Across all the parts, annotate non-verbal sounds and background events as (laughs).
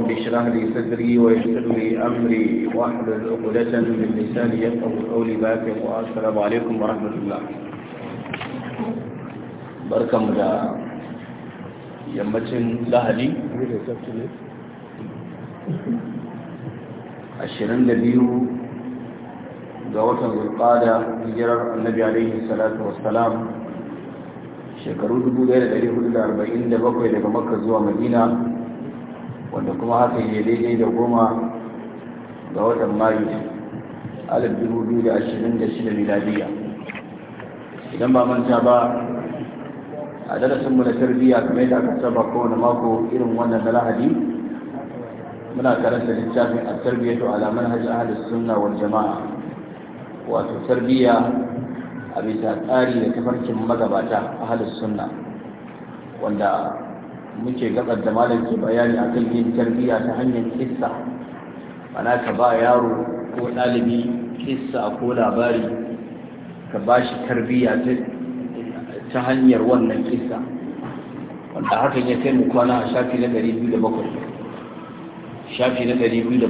رب اشرح لي صدري ويسر لي امري واحلل عقدة من لساني يفقهوا قولي باكر والسلام عليكم ورحمة الله بركم دا يمتن لهدي ashirin da biyu ga watan zulkada hijirar annabi alaihi salatu wassalam shekaru 1447 daga makka zuwa madina wanda kuma hakan ya daidai da goma ga watan mayu alif dubu biyu da ashirin da shida miladiya idan ba manta ba a darasin mu na tarbiyya kamar yadda aka saba kowane mako irin wannan na lahadi muna karanta littafin a tarbiyyatu ala manhaj ahlus sunna wal jama'a wato tarbiyya a bisa tsari da tafarkin magabata ahlus sunna wanda muke gabar da malam ke bayani a kan yin tarbiyya ta hanyar kissa ana ka ba yaro ko ɗalibi kissa ko labari ka ba shi tarbiyya ta hanyar wannan kissa wanda hakan ya kai mu kwana a shafi na 207 shafi na 207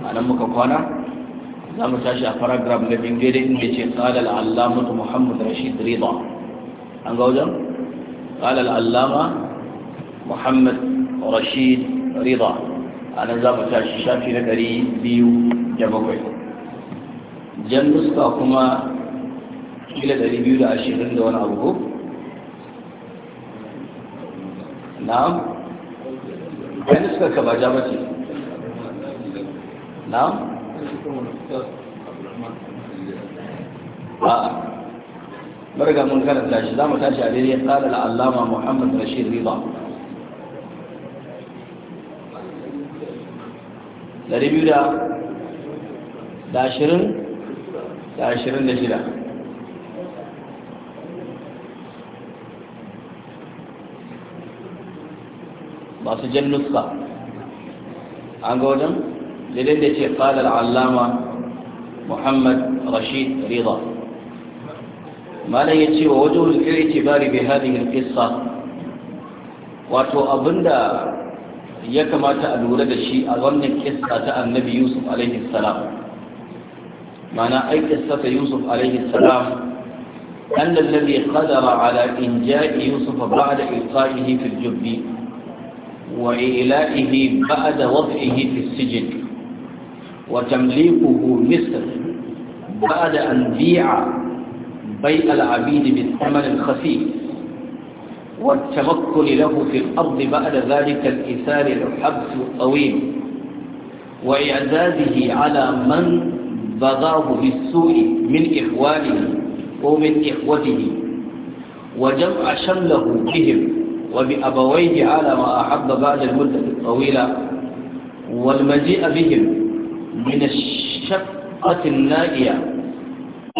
a nan muka kwana za mu tashi a paragraf na bingare inda ce allah al'allamatu muhammad rashid rida an ga wajen tsada al'allama محمد رشيد رضا على زابة الشافي نقري بيو جمعوي جنس كاكما إلى دري بيو لأشيخن دون أبوه نعم جنس كاكما جابتي نعم آه. برقى من كانت لاشي زابة الشافي قال العلامة محمد رشيد رضا dari biyu da ashirin da ashirin da shida masu jan nuska an ga wajen daidai da ce kalar allama muhammad rashid rida malam ya ce wa wajen rikir bari bai hadin kissa wato abinda ya kamata a lura da shi a wannan kissa ta annabi yusuf alaihi mana ai kissa ta yusuf alaihi an da nabi ya kadara ala in ja'i yusuf ba da ilfahihi fi jubbi wa ila'ihi ba da wafi'ihi fi sijin wa tamliku misr ba da an bi'a bai al'abidi bi tsamanin khasif والتمكن له في الأرض بعد ذلك الإثار الحبس الطويل وإعداده على من بغاه بالسوء من إخوانه ومن إخوته وجمع شمله بهم وبأبويه على ما أحب بعد المدة الطويلة والمجيء بهم من الشقة النائية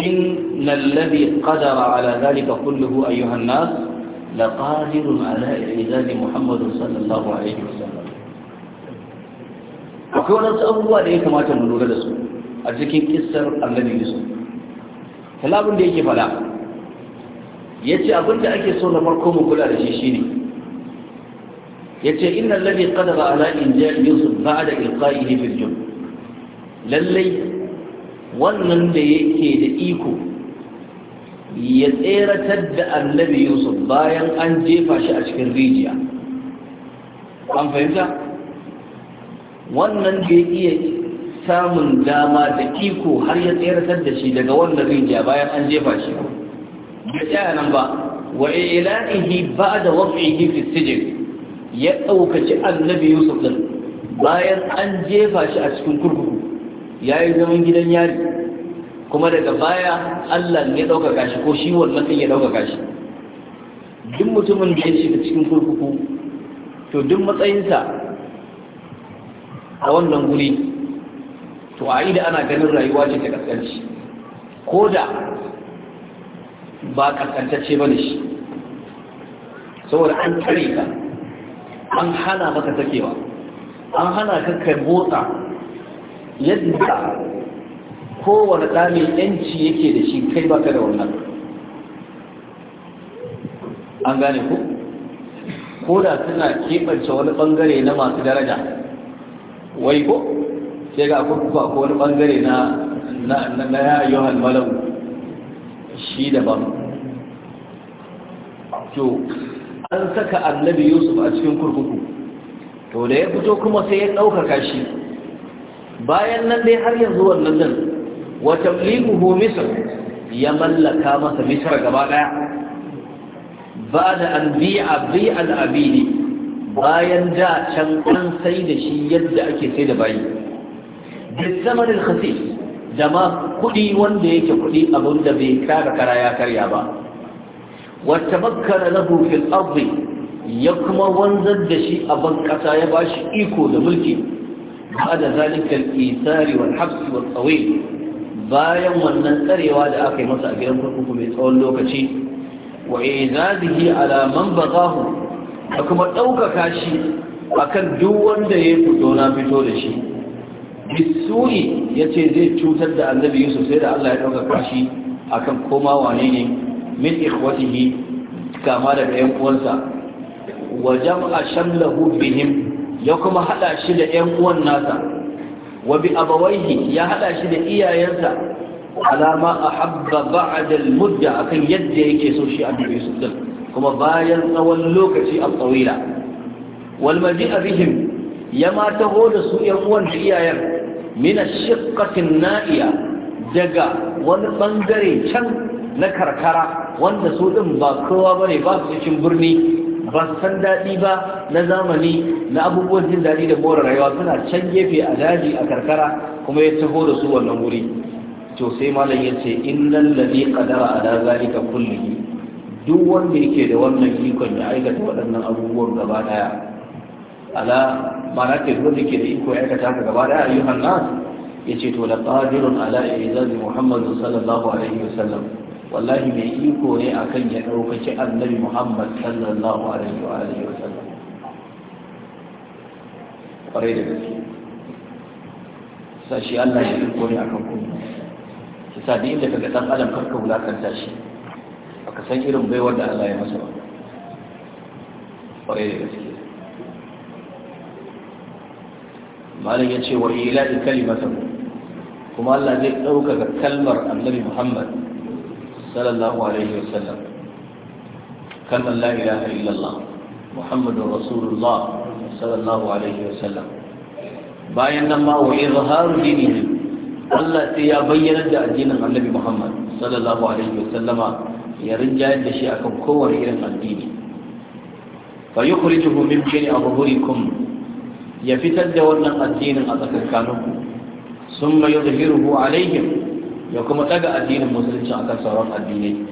إن الذي قدر على ذلك كله أيها الناس لقادر على إعداد محمد صلى الله عليه وسلم akwai wadansu abubuwa da ya kamata mu lura da su a cikin kissar annabi yusuf kalabin da yake faɗa. ya ce abinda ake so na farko mu kula da shi shine ya ce inna lalli kadara ala injiya yusuf ba da ilka'ihi fil jun lallai wannan da yake da iko ya tseratar da annabi yusuf bayan an jefa shi a cikin rijiya an fahimta wannan da iya samun dama da iko har ya tseratar da shi daga wannan rijiya bayan an jefa shi da tsaya nan ba wa ila'ihi ba da wafi fi ya ɗaukaci annabi yusuf din bayan an jefa shi a cikin kurkuku ya yi zaman gidan yari kuma daga baya Allah ne ya ɗaukaka shi ko shi wannan kan ya ɗaukaka gashi? duk mutumin da ya shiga cikin kurkuku to duk matsayinsa a wannan guri to a da ana ganin rayuwa ce ta kaskanci ko da ba kaskantacce ba ne shi saboda an tare ka an hana maka sakewa an hana ka kai motsa yadda kowane ɗa yanci yake da shi kai baka da wannan an gane ku ko da suna keɓance wani ɓangare na masu daraja wai ko sai ga kurkuka ko wani ɓangare na na ya yohan malau shi daban to an saka annabi yusuf a cikin kurkuku to da ya fito kuma sai ya ɗaukaka shi bayan nan dai har yanzu wannan nan Wata tablighuhu misr ya mallaka masa misr gaba ɗaya. ba da an bi'a bi'al bayan da can an sai da shi yadda ake sai da bayi duk zamanin khasif da ma kuɗi wanda yake kuɗi abinda bai kara kara ya karya ba wata makara na fil ardi ya kuma wanzar da shi a ban kasa ya bashi iko da mulki ba da zalikal isari wal habs wal bayan wannan tsarewa da aka yi masa a gidan kurkuku mai tsawon lokaci wa izazihi ala man da kuma ɗaukaka shi akan duk wanda ya fito na fito da shi bisuri ya ce zai cutar da annabi yusuf sai da allah ya ɗaukaka shi akan koma wane ne min ikhwatihi kama daga yan uwansa wa jam'a bihim ya kuma hada shi da yan uwan nasa wa bi abawaihi ya hada shi da iyayensa alama ahabba ba'da al-mudda akan yadda yake so shi annabi Yusuf din kuma bayan tsawon lokaci a tsawila wal maji'a bihim ya ma taho da su yan uwan da iyayen min ash na'iya daga wani bangare can na karkara wanda su din ba kowa bane ba su cikin birni ba san daɗi ba na zamani na abubuwan jin daɗi da more rayuwa suna can gefe a daji a karkara kuma ya taho da su wannan wuri to sai malam ya ce innal ladhi qadara ala zalika kullihi duk wanda yake da wannan ikon ya aikata waɗannan abubuwan gaba daya ala mana ke duk da ke da iko ya aikata ka gaba daya ayyuhan nas yace to la qadirun ala izazi muhammadin sallallahu alaihi wasallam wallahi mai iko ne akan ya ɗaukaci annabi muhammad sallallahu alaihi wa alihi wa sallam ƙwarai da gaske sashi allah ya iko ne akan kuma ki sa da inda kaga ɗan adam karka wulakanta shi baka san irin baiwar da allah ya masa ba ƙwarai da gaske malam ya ce wa ila kalimatan kuma allah zai ɗaukaka kalmar annabi muhammad sallallahu alaihi wasallam kalmar la ilaha illallah muhammadun rasulullah sallallahu alaihi wasallam bayan nan ma wa izharu dini Allah sai ya bayyana da addinin Annabi Muhammad sallallahu alaihi wasallama ya rinjayar da shi akan kowar irin addini fa yukhrijuhu min bayni abhurikum ya fitar da wannan addinin a tsakankaninku summa yuzhiruhu alaihim ya kuma daga addinin musulunci kan sauran addinai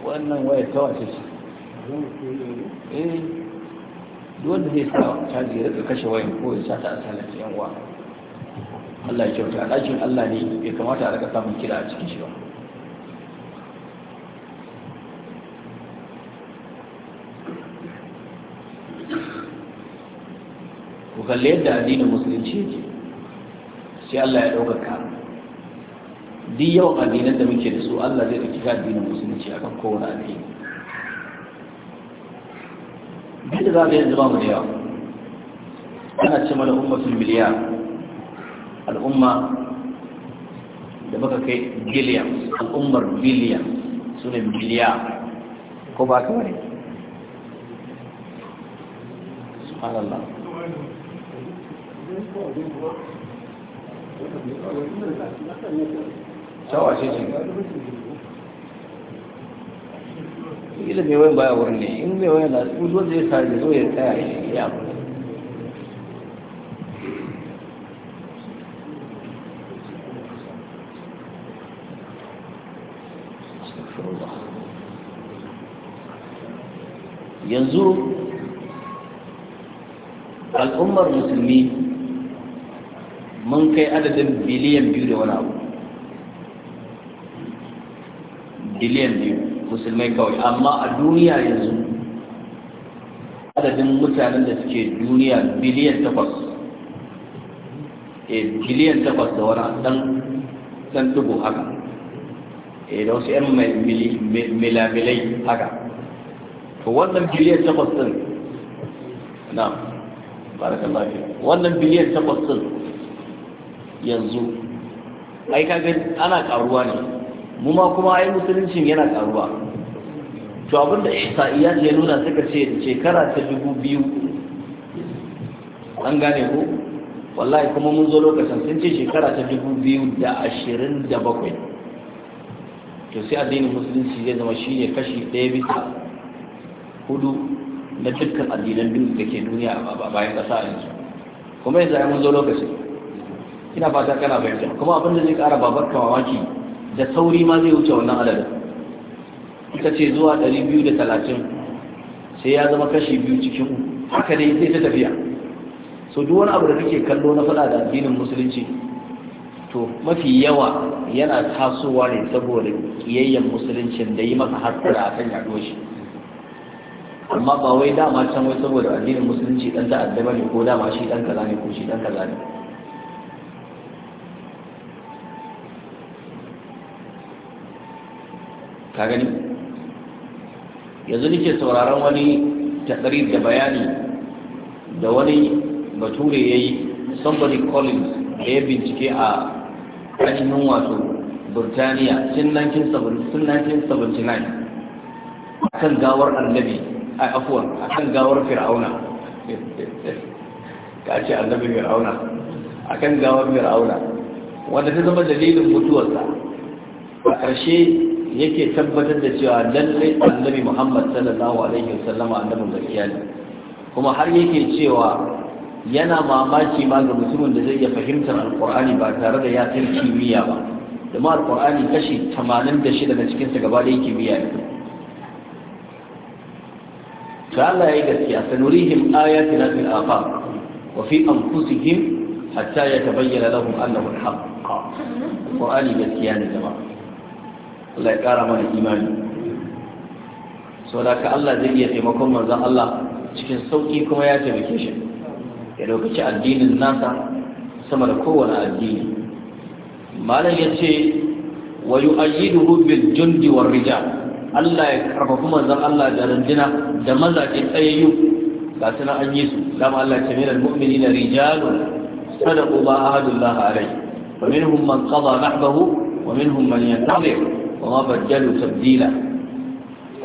wannan waya ta wace ce eh wanda zai sa caji da kashe wayan ko ya sa ta asalar yan uwa Allah ya kyauta a ɗakin Allah ne bai kamata a ka samun kira a cikin shi ba ku kalli yadda addinin musulunci yake sai Allah ya ɗaukaka duk yawan addinan da muke da su Allah zai ɗauki addinin musulunci akan kowane addini duk za ka yanzu ba mu da yawa ana ce mana ummatul miliya al'umma da muka kai billion al'ummar billion su ne miliya ko ba ka kawai subhanallah shawa ce ce ila mai baya wurin ne in mai wayan da su zai sa da ya tsaya ya abu yanzu al'ummar kai adadin biliyan biyu da wani abu biliyan biyu musulmai kawai amma a duniya yanzu adadin mutanen da suke duniya biliyan takwas e biliyan takwas da wani dan dan dubu haka e da wasu yan milamilai haka to wannan biliyan takwas din na barakallahu wannan biliyan takwas din yanzu ai kaga ana karuwa ne mu ma kuma ai musuluncin yana karuwa to abinda ihsa'iyya ya nuna suka ce shekara ta dubu biyu an gane ko wallahi kuma mun zo lokacin sun ce shekara ta dubu biyu da ashirin da bakwai to sai addinin musulunci zai zama shi ne kashi ɗaya bisa hudu na dukkan addinan duk da ke duniya a bayan ƙasa yanzu kuma yanzu ai mun zo lokacin ina fata kana bayyana kuma abin da zai kara babar mamaki da sauri ma zai wuce wannan adadin ita ce zuwa 230 sai ya zama kashi biyu cikin haka dai sai ta tafiya so duk wani abu da kake kallo na faɗa da addinin musulunci to mafi yawa yana tasowa ne saboda kiyayyen musuluncin da yi maka hasara a kan yaɗo shi amma ba wai dama can wai saboda addinin musulunci dan ta'adda ne ko dama shi dan kaza ne ko shi dan kaza ne ka gani yanzu nike sauraron wani taɗari da bayani da wani bature ya yi somebody collins da ya bincike a ainihin wato burtaniya tun 1979 a kan gawar annabi a afuwan a gawar fir'auna (laughs) ka ce annabi fir'auna a kan gawar fir'auna wanda ta zama dalilin mutuwarsa a ƙarshe yake tabbatar da cewa lallai annabi Muhammad sallallahu alaihi wasallam annabin gaskiya ne kuma har yake cewa yana mamaki ma ga mutumin da zai iya fahimtar alkurani ba tare da ya kimiyya ba kuma alqur'ani kashi 86 na cikinsa gaba da kimiyya ne yi Allah yayi gaskiya sanurihim ayatina fil afaq wa fi anfusihim hatta yatabayyana lahum annahu alhaq qur'ani gaskiya ne jama'a Allah ya ƙara mana imani sau da ka Allah zai iya taimakon manzan Allah cikin sauƙi kuma ya taimake shi ya ɗaukaci addinin nasa sama da kowane addini malam ya ce wa ayi bil jundi war Allah ya karfafi manzan Allah da rundina da mazaje tsayayyu ga suna an yi su dama Allah ce minal mu'minina rijalun صدقوا ما عهد Wa عليه فمنهم من قضى wa ومنهم من ينتظر wa ma bajjalu tabdila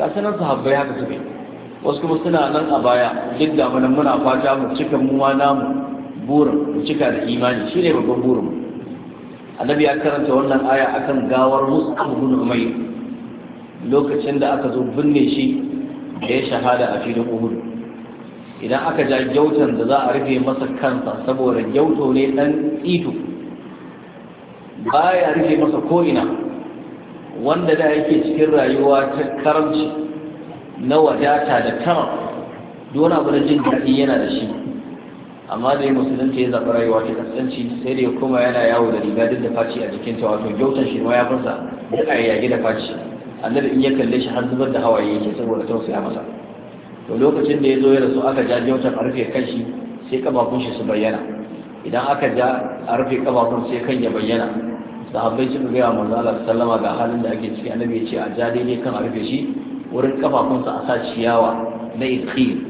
ka sanar sahabbai haka suke wasu kuma suna nan a baya duk da mana muna fata mu cika muwa namu burin mu cika da imani shine babban burin mu annabi ya karanta wannan aya akan gawar mus'ab ibn umayr lokacin da aka zo binne shi da ya shahada a filin uhud idan aka ja gyautan da za a rufe masa kansa saboda gyauto ne dan ito baya rufe masa ko'ina wanda da yake cikin rayuwa ta karamci na wadata da tara dole abu da jin daɗi yana da shi amma da ya musulunci ya zaɓi rayuwa ta kasance sai da ya koma yana yawo da riga duk da faci a jikinta wato gyautan shi ma ya fasa duk a yage da faci annabi in ya kalle shi har zubar da hawaye yake saboda ya masa to lokacin da ya zo ya rasu aka ja gyautan a rufe kan shi sai kababun shi su bayyana idan aka ja a rufe kababun sai kan ya bayyana sahabbai suka gaya wa manzo Allah sallama ga halin da ake ciki annabi ya ce a ja daidai kan a rufe shi wurin kafafunsa a sa ciyawa na idkhil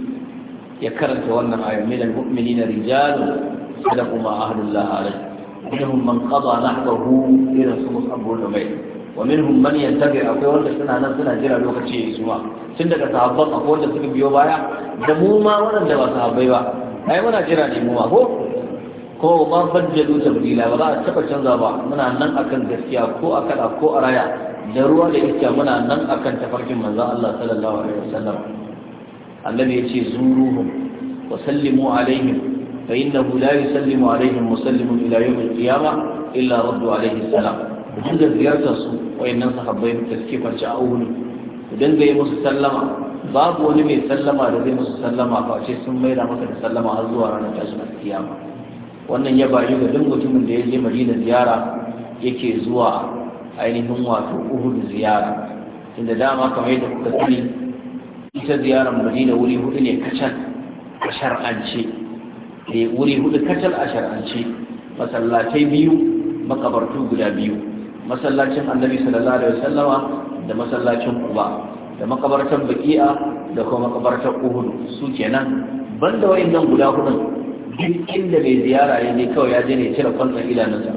ya karanta wannan ayat min almu'minina rijalun sadaqu ma ahdullah alayhi minhum man qada nahbahu ila sumus abul umayy wa minhum man yantabi akwai wanda suna nan suna jira lokaci ya isuwa tun daga sahabban akwai wanda suka biyo baya da mu ma waɗanda ba sahabbai ba ai muna jira ne mu ma ko ko ba fajjalu tabdila ba za a taba canza ba muna nan akan gaskiya ko a kada ko a raya da ruwa da iska muna nan akan tafarkin manzon Allah sallallahu alaihi wasallam annabi ya ce zuruhum wa sallimu alaihim fa innahu la yusallimu alaihim musallimun ila yawm al-qiyamah illa raddu alaihi salam duk da ziyartar su wayannan sahabbai da suke kwance a uhud idan zai musu sallama babu wani mai sallama da zai musu sallama face sun maida masa da sallama har zuwa ranar tashin kiyama wannan ya bayu ga duk mutumin da ya je madina ziyara yake zuwa ainihin wato uhud ziyara inda dama kamar yadda kuka sani ita ziyarar madina wuri hudu ne kacal a shar'ance ne eh, wuri hudu kacal a shar'ance masallatai biyu makabartu guda biyu masallacin annabi sallallahu alaihi wasallama da masallacin kuba da makabartar baki'a da kuma makabartar uhudu su kenan banda wayannan guda hudun Jirgin da mai ziyara ya je kawai ya je ne cire kwantsan idanunsa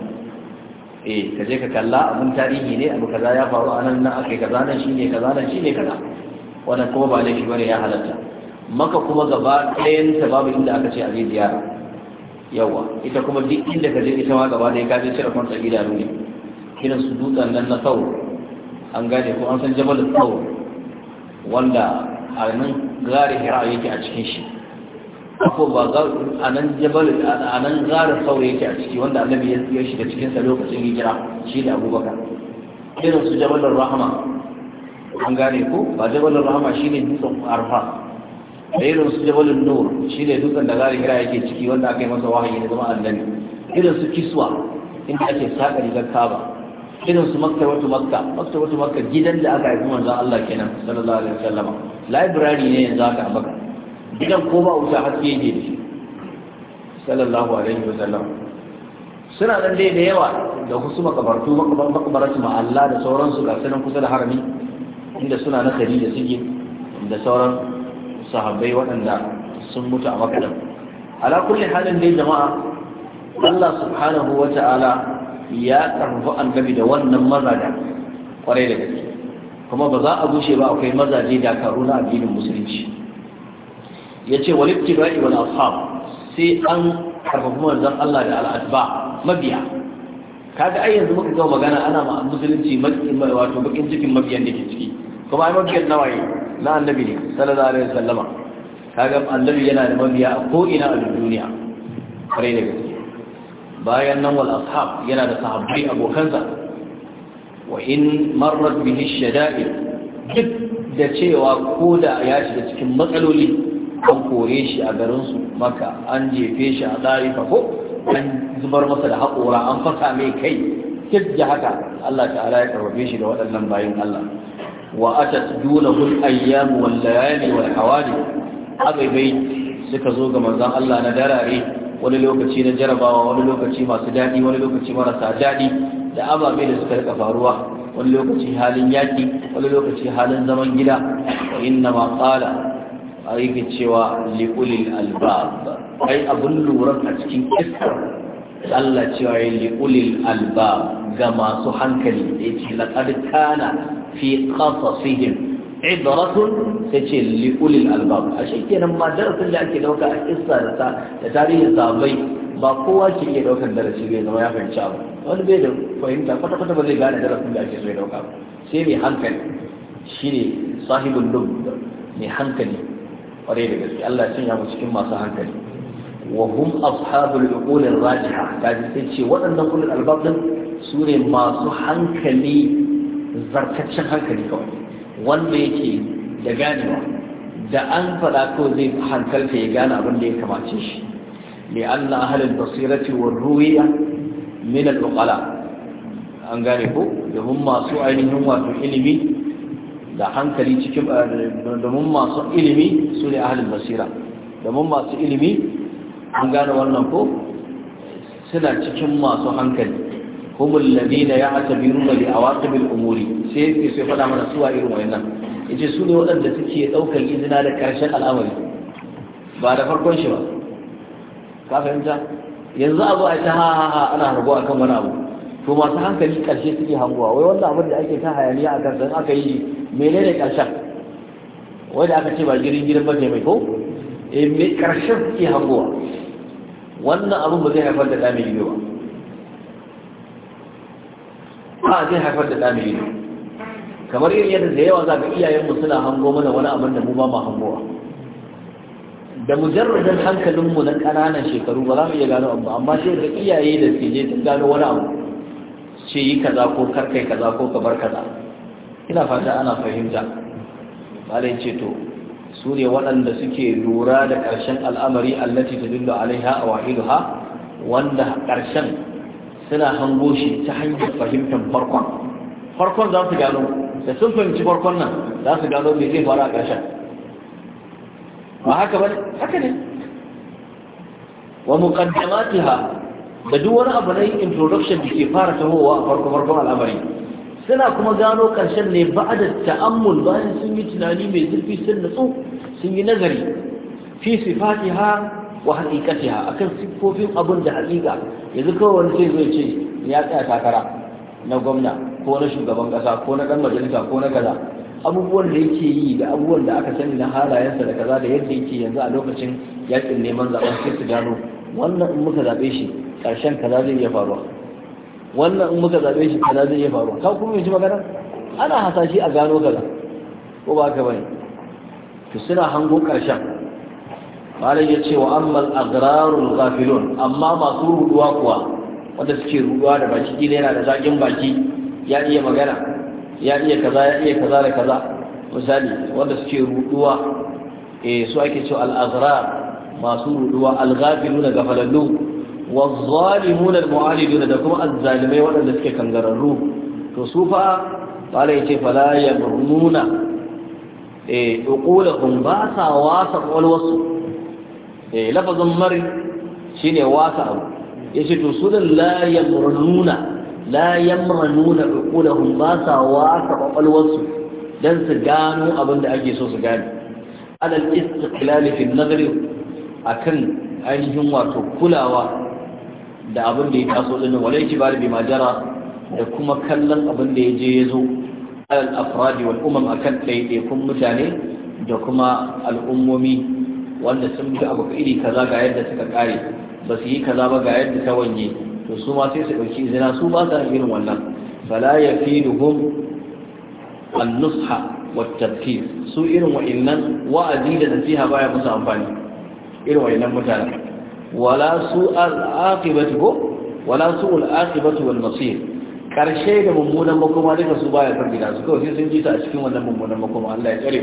eh ka je ka kalla abin tarihi ne abu kaza ya faru a nan nan akai kaza nan shine kaza nan shine kaza wannan kuma ba laifi bane ya halatta maka kuma gaba ɗayan ta babu inda aka ce a je ziyara yawa ita kuma duk inda ka je ita ma gaba ɗaya ka je cire kwantsan idanu ne Kiran su dutsen nan na sau an gane ko an san jabal sau wanda a nan gari hira yake a cikin shi ko ba ga a nan jabal anan gara saurayi yake a ciki wanda annabi ya shiga cikin sa lokacin hijira shi da abubakar irin su jabalar rahama an gane ko ba jabalar rahama shine dutsen arfa da irin su jabalin nur shine dutsen da zari hira yake ciki wanda aka yi masa wahayi da zama annabi irin su kiswa inda ake saka rigar kaba irin su makka wato makka makka wato makka gidan da aka haifi manzon Allah kenan sallallahu alaihi wasallam library ne yanzu aka abaka Idan ko ba wuta haske yake da shi sallallahu alaihi wasallam suna nan dai da yawa da wasu makabartu makabartu ma'alla da sauransu ga sanan kusa da harami inda suna na kari da suke da sauran sahabbai waɗanda sun mutu a makadan ala kulli halin dai jama'a Allah subhanahu wa ta'ala ya karfi annabi da wannan mazaja kwarai da gaske kuma ba za a gushe ba akwai mazaje dakaru na addinin musulunci yace wal ibtida'i wal ashab sai an karfafi manzon Allah da al'adba mabiya kaga ai yanzu muka ga magana ana ma musulunci wato bakin cikin mabiyan da ke ciki kuma ai mabiyan nawaye na annabi ne sallallahu alaihi wasallama kaga annabi yana da mabiya a ko ina a duniya kare da gaske bayan nan wal ashab yana da sahabbai abokansa wa in marrat bihi shada'id duk da cewa ko da ya shiga cikin matsaloli an kore shi a garinsu maka an jefe shi a tsari ko an zubar masa da haƙora an fasa mai kai duk haka Allah ta'ala ya karbabe shi da waɗannan bayin Allah wa atat dunahul ayyam wal layali wal hawali abai suka zo ga manzon Allah na darare wani lokaci na jarabawa wani lokaci masu daɗi wani lokaci marasa daɗi da ababe da suka rika faruwa wani lokaci halin yaki wani lokaci halin zaman gida wa inna ma qala a yake cewa li'u'lil albab ai abin lura a cikin iskar Allah cewa ya li'u'lil albab ga masu hankali da ya ce laƙar fi fi ƙasasihim idaratun sai ce li'u'lil albab a shi ma darasin da ake ɗauka a iska da tarihin sabai ba kowa ke iya ɗaukar darasi zai zama ya fahimci abu wani bai da fahimta kwata-kwata ba zai gane darasin da ake so ya ɗauka sai mai hankali shi ne sahibin lub mai hankali kwarai da gaske Allah ya sanya mu cikin masu hankali wa hum ashabul uqul rajiha kaji sai ce waɗannan ulul albab din su ne masu hankali zartaccen hankali kawai wanda yake da ganewa da an faɗa ko zai hankalta ya gane abin da ya kamace shi li anna ahlul basirati war ruwiya min al uqala an gane ko domin masu ainihin wato ilimi da hankali cikin eh, domin masu ilimi su ne ahalin basira domin masu ilimi an gane wannan ko suna cikin masu hankali humul ladina ya'tabiruna li awaqibil umuri sai sai sai fada mana suwa irin wayannan yace su ne waɗanda suke ɗaukar izina da ƙarshen al'amari ba da farkon shi ba ka fahimta yanzu abu zo a ta ha ha ana harbo akan wani abu to masu hankali ƙarshe suke hanguwa wai wanda abin da ake ta hayaniya a kan aka yi menene ƙarshen da aka ce ba girin girin ba mai ko eh me ƙarshen suke hanguwa wannan abin ba zai haifar da ɗa mai ido ba ba zai haifar da ɗa mai ido kamar yin yadda da yawa za ka mu suna hango mana wani abin da mu ba ma hangowa da mujarradin hankalinmu na ƙananan shekaru ba za mu iya gano abu amma sai da iyaye da suke je sun gano wani abu ce yi kaza ko karkai kaza ko ka bar kaza ina fata ana fahimta malai ce to su ne waɗanda suke lura da ƙarshen al'amari allati ta dillo alaiha a ha? wanda ƙarshen suna hango shi ta hanyar fahimtar farkon farkon za su gano da sun fahimci farkon nan za su gano me zai faru a ƙarshen ba haka ba haka ne wa muqaddamatiha da duk wani abu na yin introduction da ke fara tahowa a farko farkon al'amari suna kuma gano karshen ne ba da ta'ammul bayan sun yi tunani mai zurfi sun nutsu, sun yi nazari fi fatiha wa haqiqatiha akan siffofin abin da haqiqa yanzu kawai wani sai zai ce ya tsaya takara na gwamna ko na shugaban kasa ko na dan majalisa ko na kaza abubuwan da yake yi da abubuwan da aka sani na halayensa da kaza da yadda yake yanzu a lokacin yakin neman zaben sai su gano wannan in muka zaɓe shi ƙarshen kaza zai iya faruwa wannan in muka zaɓe shi kaza zai iya faruwa ka kuma yanzu magana ana hasashi a gano kaza ko ba ka bane to suna hangon ƙarshen malai ya ce wa ammal agrarul ghafilun amma masu ruduwa kuwa wanda suke ruduwa da baki kila yana da zaƙin baki ya iya magana ya iya kaza ya iya kaza da kaza misali wanda suke ruduwa eh su ake cewa al-azrar masu ruduwa alghafiluna gafalallu wazzalimuna almu'aliduna da kuma azzalimai waɗanda suke kangararru to su fa bala yace fala yabrununa eh uqulahum ba sa wasa walwasu eh lafazin mari shine wasa abu yace to su dan la yabrununa la yamranuna uqulahum ba sa wasa walwasu dan su gano abin da ake so su gane alal istiqlal fi an-nazari akan ainihin wato kulawa da abin da ya taso din wala itibar bi majara da kuma kallon abin da ya je ya zo al afradi wal umam akan ɗaiɗaikun mutane da kuma al'ummomi wanda sun bi abu iri kaza ga yadda suka ƙare, ba su yi kaza ba ga yadda ta wanye to su ma sai su ɗauki zina su ba sa irin wannan fala yafiduhum an-nusha wa su irin wa'annan wa'azi da nasiha baya musu amfani irin wayannan mutanen wala su al-aqibatu ko wala su al-aqibatu wal masir karshe da mummunan makoma duka su baya san gida su kawai sun ji ta a cikin wannan mummunan makoma Allah ya tsare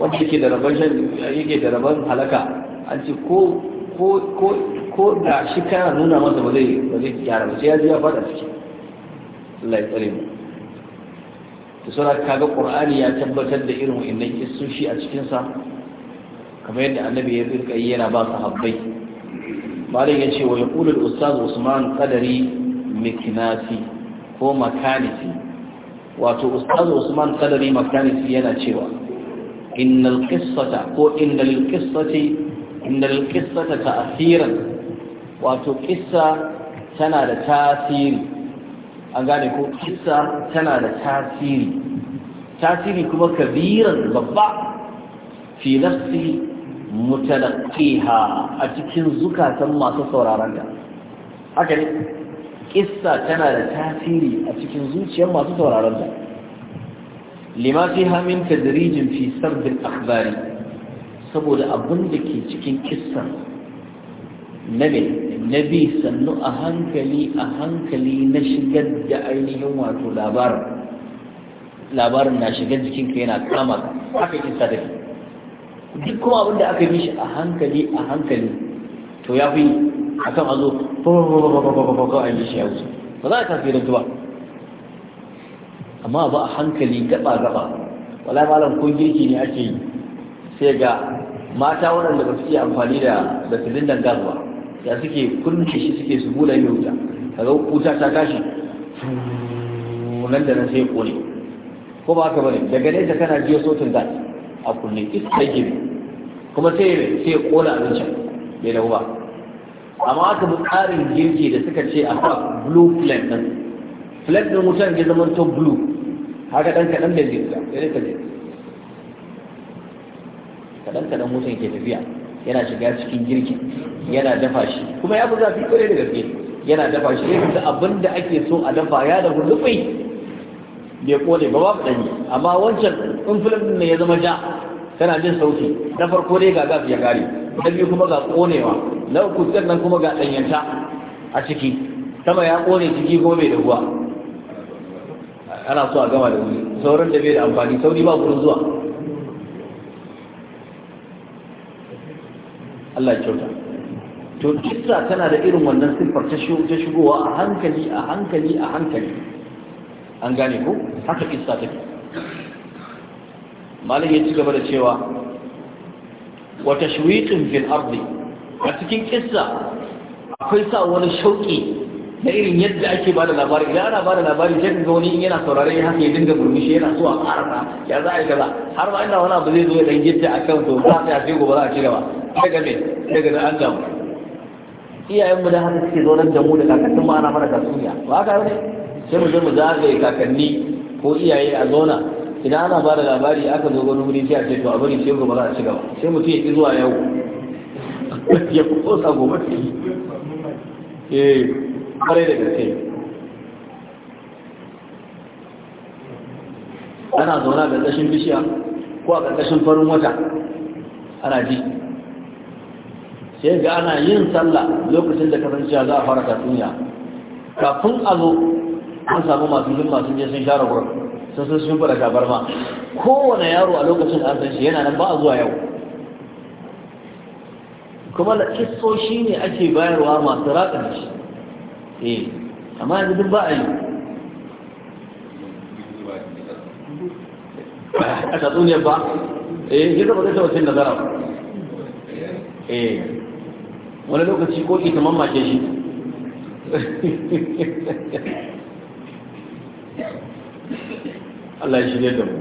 wanda yake da rabon shan yake da rabon halaka an ce ko ko ko ko da shi kana nuna masa ba zai ba zai gyara ba sai ya ji ya fada ciki Allah ya tsare mu to sura kaga Qur'ani ya tabbatar da irin wa'annan kissoshi a cikin sa kamar yadda annabi ya rika yi yana ba su sahabbai malam ya ce wa yaqulu al-ustaz Usman Qadari Miknasi ko Makanisi wato ustaz Usman Qadari Makanisi yana cewa innal qissata ko innal qissati innal qissata ta'thiran wato qissa tana da tasiri an gane ko qissa tana da tasiri tasiri kuma kabiran babba fi nafsi mutalaqqiha a cikin zukatan masu sauraron ta haka ne kissa tana da tasiri a cikin zuciyar masu sauraron ta lima fiha min tadrijin fi sard akhbari saboda abin da ke cikin kissa na nabi sannu a hankali a hankali na shigar da ainihin wato labarin labarin na shigar jikinka yana kama haka kissa take duk kuma abin da aka yi shi a hankali a hankali to ya fi a kan a zo ko a yi shi ya wuce ba za a tafirantu ba amma ba a hankali gaba gaba wala malam ko girki ne ake yi sai ga mata waɗanda ba su iya amfani da da silindan gas ba ya suke kunce shi suke su buɗe mai wuta kaga wuta ta tashi nan da nan sai kone ko ba haka bane daga nesa kana jiya sotin gas a kunne istagir kuma sai sai kona abincin bai dawo ba amma aka bi tsarin girki da suka ce a fa blue flame din flame din wutan ya zama to blue haka dan kadan da jinta sai ya je kadan kadan wutan ke tafiya yana shiga cikin girki yana dafa shi kuma ya fi zafi kwarai da gaske yana dafa shi ne da abin da ake so a dafa ya da hulufai bai kone ba babu ɗanyi amma wancan in filin ne ya zama ja kana jin sauti na farko dai ga gas ya kare na biyu kuma ga konewa na uku sannan kuma ga ɗanyanta a ciki sama ya kone ciki kuma bai da ruwa ana so a gama da wuri sauran da bai da amfani sauri ba gurin zuwa Allah ya kyauta to kissa tana da irin wannan siffar ta shigowa a hankali a hankali a hankali an gane ko haka kissa take malam ya ci gaba da cewa wa tashwiqin fil ardi a cikin kissa akwai sa wani shauki na irin yadda ake ba da labari idan ana ba da labari sai ga wani yana saurare haka ya dinga burmishi yana so a ƙarasa ya za a yi kaza har ma ina wani abu zai zo ya dan gitta a kan to za a sai gobe za a ci gaba sai ga me sai ga an gamu iyayenmu da haka suke zo nan da mu da kakannin ma ana mana kasuniya ba ka ne sai mu je mu zagaye kakanni ko iyaye a zona idan ana ba da labari aka zo wani wuri sai a ce to a bari sai gobe za a ci gaba sai mutum ya ki zuwa yau (laughs) ya fi kosa gobe ta yi eh kwarai da gaske ana zauna da ƙarƙashin bishiya ko a ƙarƙashin farin wata ana ji sai ga ana yin sallah lokacin da kasancewa za a fara tatsuniya kafin a zo an samu masu jin masu je sun share gurin sun sun sun fara shabar ma kowane yaro a lokacin an san shi yana nan ba a zuwa yau kuma da kistoshi ne ake bayarwa masu raƙar shi eh amma yanzu duk ba a yi a tatsuniyar ba eh yadda ba zai taɓa cin nazara eh wani lokaci ko ita mamake shi (laughs) Allah ya shirya da mu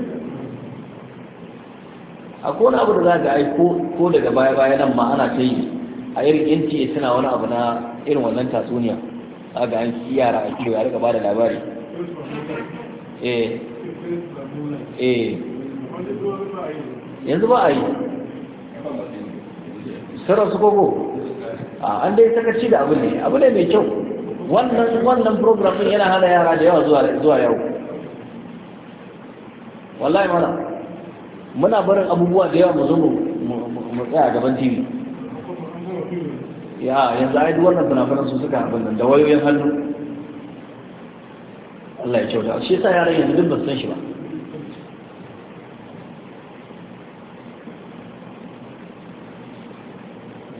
a kone abu da za ga ai ko daga baya baya nan ma ana ta yi a irin ya suna wani abu na irin wannan tatsuniya a ga an ci yara a kiwo ya rika ba da labari eh eh yanzu ba a yi sarar su a an dai sakaci da abu ne abu ne mai kyau wannan wannan program yana hana yara da yawa zuwa yau wallahi mana muna barin abubuwa da yawa mu zo mu tsaya gaban tv ya yanzu ai duk wannan fina-finan su suka abin nan da wayoyin hannu Allah ya kyauta shi yasa yaran yanzu duk ba san shi ba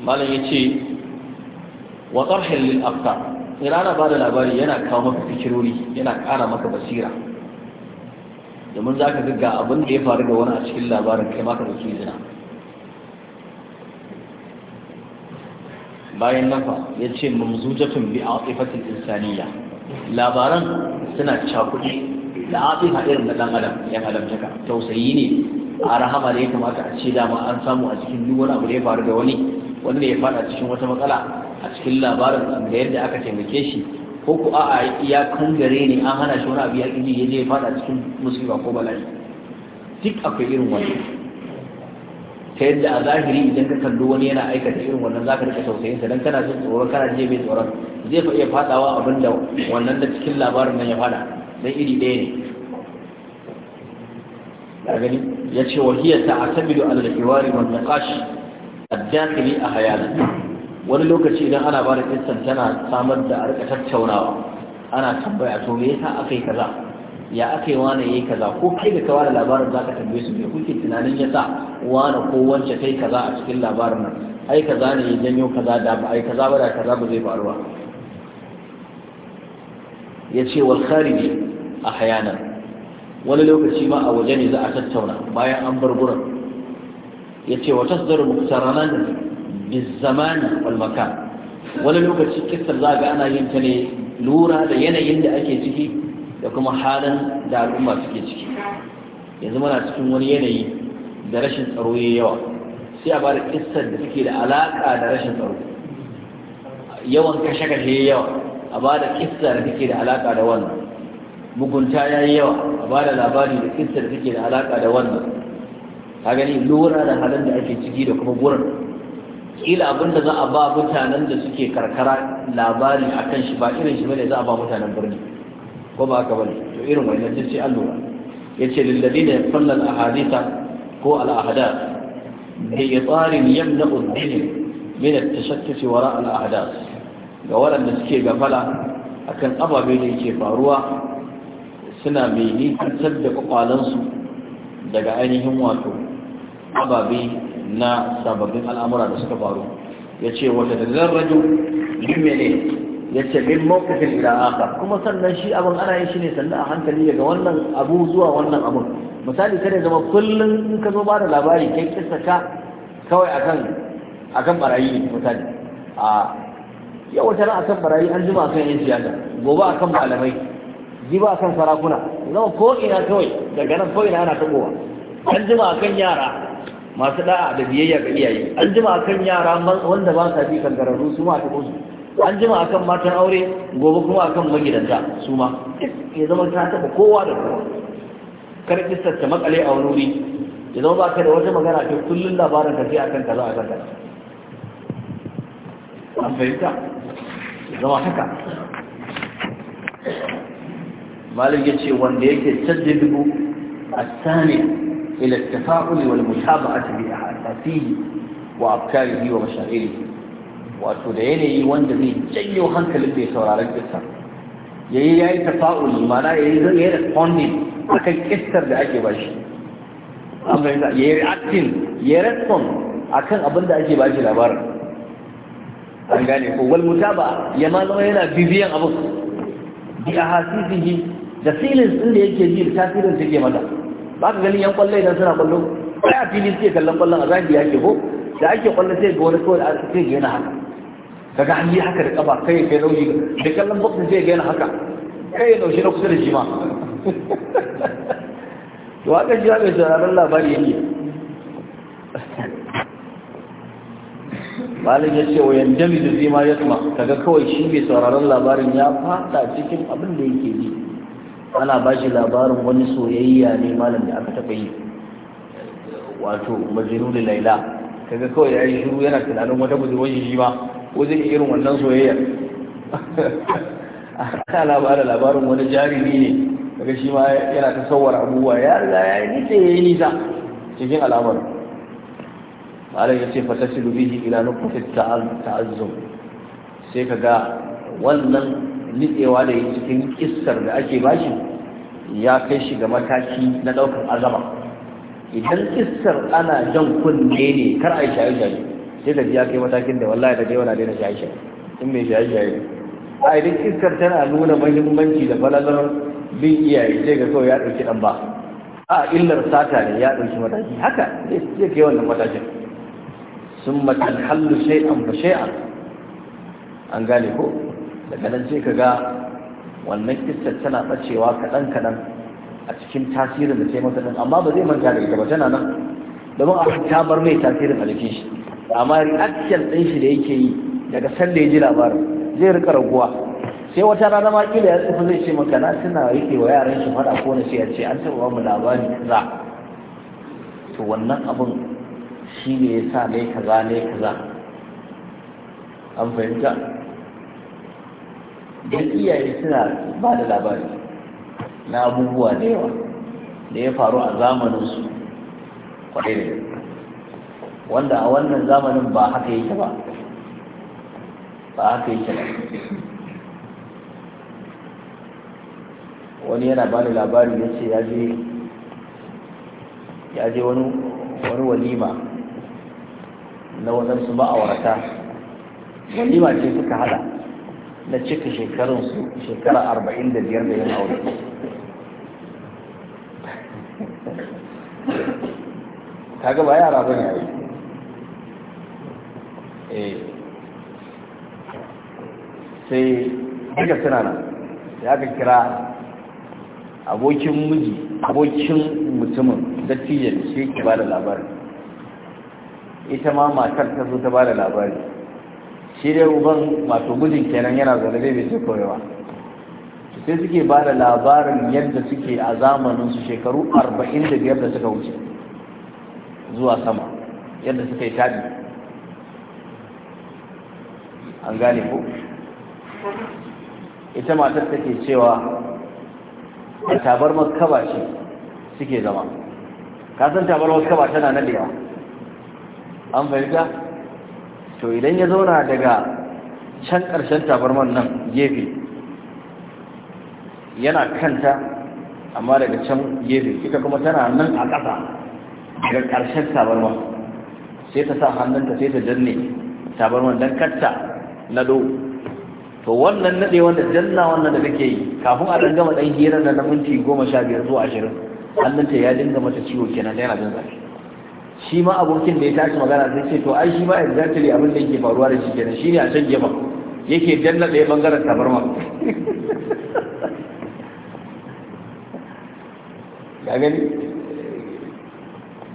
malam ya ce wa tsarhin lil'afta irana ba da labari yana kawo maka fikirori yana ƙara maka basira domin za ka gaga abin da ya faru da wani a cikin labarin kai maka da zina bayan nafa ya ce mamzujatun bi a tsifatin insaniya labaran suna cakuɗi da abin irin da ɗan adam ya halamtaka tausayi ne a rahama da ya kamata a ce dama an samu a cikin duk wani abu da ya faru da wani wanda ya faɗa cikin wata matsala a cikin labarin da yadda aka taimake shi ko ku a'a ya gare ne an hana shi wani abu ya ƙiji ya je ya fada cikin musulma ko bala'i duk akwai irin wannan ta yadda a zahiri idan ka kallo wani yana aikata irin wannan zaka rika tausayin sa dan kana jin tsoron kana je mai tsoron zai fa iya fadawa abin da wannan da cikin labarin nan ya fada dan iri ɗaya ne da gani ya ce wa hiya ta'tabidu ala al-hiwari wal niqash ad-dakhili ahyanan wani lokaci idan ana bada kissan tana samar da a rika tattaunawa ana tambaya to me yasa aka yi kaza ya aka yi wane yi kaza ko kai da kawai labarin za ka tambaye su me kuke tunanin yasa wane ko wance kai kaza a cikin labarin nan ai kaza ne ya janyo kaza da ba ai kaza ba da kaza ba zai faru ba ce wal khariji a hayanan wani lokaci ma a waje ne za a tattauna bayan an bar gurin Ya ce wa tasdaru ne. bizamani wal makan wani lokaci kissar za ga ana yin ta ne lura da yanayin da ake ciki da kuma halin da al'umma suke ciki yanzu muna cikin wani yanayi da rashin tsaro ya yawa sai a bada kissar da suke da alaƙa da rashin tsaro yawan kashe-kashe ya yawa a bada kissa da suke da alaƙa da wannan mugunta ya yi yawa a bada labari da kissa da suke da alaƙa da wannan ka gani lura da halin da ake ciki da kuma gurin kila abinda za a ba mutanen da suke karkara labari a kan shi ba irin shi bane za a ba mutanen birni ko ba haka bane to irin wannan duk sai an lura yace lilladina yafallal ahaditha ko al ahadath ya tsarin yamna ad min ta tashattus wara al ga waɗanda suke gafala akan ababe da yake faruwa suna mai nisantar da kwakwalansu daga ainihin wato ababe na sababbin al'amura da suka faru ya ce wata da zarrajo limene ya ce min mawkufin da aka kuma sannan shi abin ana yin shi ne sannan a hankali daga wannan abu zuwa wannan abun misali kada zama kullum in ka zo ba da labari kai kisa ka kawai akan akan barayi ne misali a yau wata ran akan barayi an jima akan yin siyasa gobe akan malamai jiba akan sarakuna zama ko ina kawai daga nan ko ina ana tabowa an jima akan yara masu da'a da biyayya ga iyaye an jima akan yara wanda ba sa bi kankararru su ma ta kusu an jima akan matan aure gobe kuma akan magidanta su ma ya zama ta taba kowa da kowa kar kistar ta makale a wani wuri ya zama ba ka da wata magana ta kullum labarin ka sai akan kaza a kaza an fahimta ya zama haka malin ya ce wanda yake caddin dubu a saniya إلى التفاعل والمشابهة بأحاسيه وأفكاره ومشاعره وأتدعيني وان ذي جي وخنك لبي سورارك بسر يهي يهي تفاعل معنى يهي يهي responding أكل كسر لأجي باشي أما يهي reacting يهي respond أكل أبن لأجي باشي لابار an gane ko wal mutaba ya ma zama yana bibiyan abu bi ahasisihi da feelings din da yake ji da tasirin da yake mata ba ka ganin yan kwallo idan suna kwallo kai a fili suke kallon kwallon a zahiri yake ko da ake kwallo sai ga wani kawai da aka sai gina haka daga hannu haka da kafa kai kai nauyi da kallon boxing sai gina haka kai ya naushi na kusa da shi ma (laughs) to haka shi mai sauraron labari yake malin ya ce wa yanjami da zima ya kuma kaga kawai shi mai sauraron labarin ya fada cikin abin da yake ji ana ba shi labarin wani soyayya ne malam da aka taɓa yi wato majiru da laila kaga kawai ya yi shiru yana tunanin wata budurwar shi ma ko zai irin wannan soyayya. ana labarin labarin wani jarumi ne kaga shi ma yana ta sauwar abubuwa ya riga ya yi nisa ya yi nisa cikin al'amar malam ya ce fatasilu bihi ila nukutin ta'azzum sai kaga wannan nitsewa da yi cikin kiskar da ake bashi ya kai shi ga mataki na ɗaukar azama idan kiskar ana jan kunne ne kar a yi shaye-shaye sai da ya kai matakin da wallahi da daiwa na daina shayi shayi in mai shaye-shaye a idan kiskar tana nuna mahimmanci da falalar bin iyaye sai ga kawai ya ɗauki ɗan ba a illar sata ne ya ɗauki mataki haka zai kai wannan matakin sun matan hallu shay'an ba shay'an an gane ko daga nan sai ka ga wannan kistar tana ɓacewa kaɗan kaɗan a cikin tasirin da yi masa ɗin amma ba zai manta da ita ba tana nan domin a ta bar mai tasirin a jikin shi amma reaction ɗin shi da yake yi daga sanda ya ji labarin zai rika raguwa sai wata rana ma kila ya tsufa zai ce maka na suna yake wa yaran shi faɗa ko na sai ya ce an taɓa ba mu labari kaza to wannan abin shi ne ya sa ne kaza ne kaza an fahimta don iyaye suna ba da labari na abubuwa da yawa da ya faru a zamaninsu kwarai wanda a wannan zamanin ba haka yake ba ba haka yake ba wani yana ba da labari ya ce ya je wani walima na waɗansu ma'aurata walima ce suka hada na cika shekarun su shekara arba'in da biyar da yin aure Ta gaba yara ba ne eh. sai duka suna nan sai aka kira abokin miji abokin mutumin dattijan shi ke ba da labari ita ma matar ta zo ta ba da labari shi dai uban wato gudun kenan yana zaune bai bai koyewa sai suke ba da labarin yadda suke a zamanin su shekaru arba'in da biyar da suka wuce zuwa sama yadda suka yi tabi an gane ko ita matar take cewa a tabar makaba ce suke zama kasan tabar makaba tana yawa. an fahimta to idan ya zauna daga can ƙarshen tabarman nan gefe yana kanta amma daga can gefe ita kuma tana nan a ƙasa daga ƙarshen tabarman sai ta sa hannunta sai ta danne tabarman don katta na do to wannan naɗe wanda janna wannan da kake yi kafin a ɗan gama ɗan hirar da na minti goma sha biyar zuwa ashirin hannunta ya dinga mata ciwo kenan yana jin zafi shi ma abokin da ya tashi magana sai ce to ai shi ma exactly abin da yake faruwa da shi kenan shine a can gefen yake danna ya bangaren tabarma (laughs) ya gani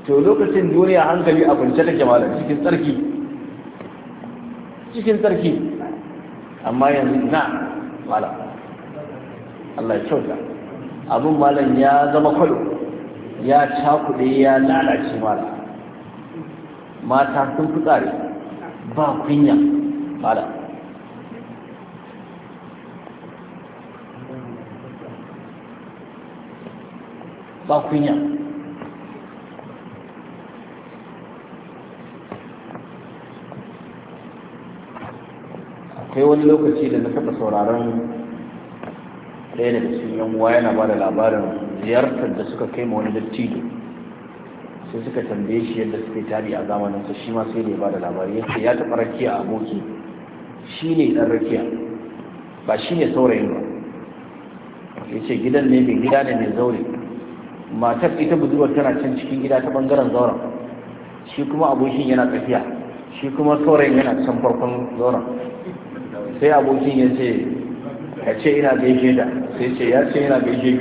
to lokacin duniya hankali a kunce take malam cikin tsarki cikin tsarki amma yanzu na malam Allah ya kyauta abin malam ya zama kwalo ya cakuɗe ya lalace mala mata sun fi tsari ba kunya fada ba kunya akwai wani lokaci da na taɓa sauraron ɗaya da cikin yan uwa yana ba da labarin ziyartar da suka kai ma wani dattijo sai suka tambaye shi yadda suka yi tari a zamanin su shi ma sai da ya bada labari yace ya taɓa rakiya aboki shi ne ɗan rakiya ba shi ne saurayin ba ya ce gidan ne mai gida ne mai zaure matar ita budurwar tana can cikin gida ta ɓangaren zauren shi kuma abokin yana tafiya shi kuma saurayin yana can farkon zauren sai abokin ya ce ya ce ina bege da sai ce ya ce ina gaishe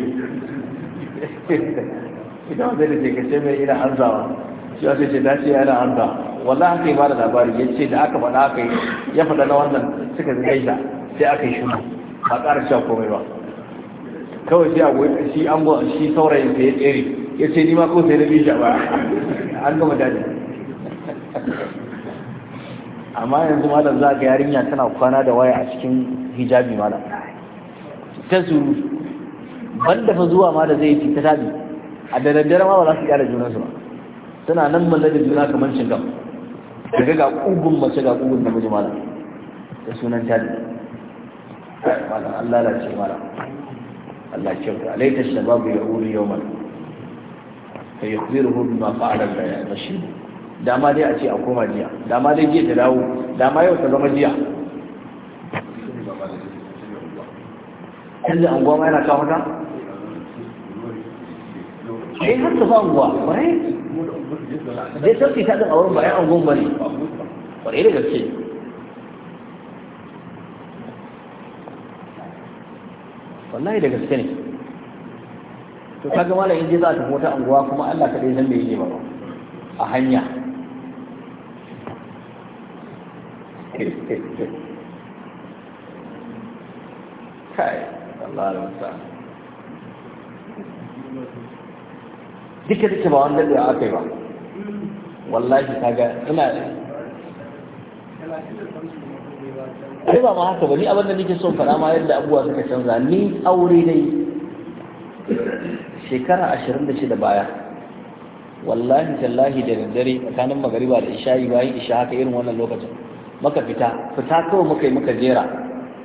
(laughs) idan wanda da ke kace mai ina hanzawa shi ya ce dace yana hanza wallah haka yi ba da labari ya ce da aka faɗa aka yi ya faɗa na wannan suka zai da sai aka yi shiru ba ƙara cewa komai ba kawai sai a shi an gwa shi saurayin sai ya tsere ya ce ni ma ko sai na bi shi a ba an gama daji amma yanzu malam za ga yarinya tana kwana da waya a cikin hijabi malam ta su da fa zuwa ma da zai fita ta tabi a da daddare ma ba za su kyara juna su ba suna nan manne da juna kamar shigam da ga kugun mace ga kugun namiji malam da sunan tadi malam Allah la ce malam Allah ce ku alaita shababu ya uri yi fa yukhbiruhu bima fa'ala bashir dama dai a ce a koma jiya dama dai jiya ta dawo dama yau ta zama jiya canjin anguwa ma yana kawo ta eh har da ba unguwa kwarai dai sauki ta ɗin auren bayan angon ba ne kwarai da gaske wallahi da gaske ne to kaga malam in je za ta tafi wata anguwa kuma Allah kadai zan bai yi ba a hanya (laughs) kai Allah ya duka duka ba wanda da aka yi ba wallahi kaga ina ai ba ma haka ba ni abin da nake son faɗa ma yadda abubuwa suka canza ni aure dai shekara ashirin da shida baya wallahi tallahi da daddare tsakanin magariba da isha'i bayan isha haka irin wannan lokacin maka fita fita kawai muka yi muka jera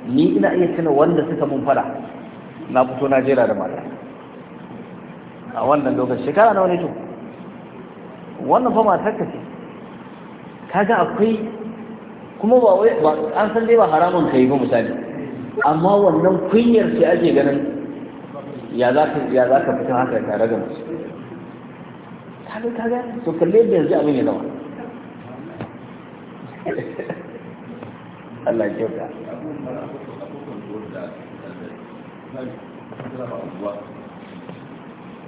ni ina iya tuna wanda suka mun fara na fito na jera da mata a wannan lokacin shekara nawa ne to wannan fa matar ka ce kaga akwai kuma ba wai an san dai ba haramun kai ba misali amma wannan kunyar ce ake ganin ya za ka ya za ka fita haka tare da mace kaga kaga to kalle da yanzu abin ya zama Allah ya kyauta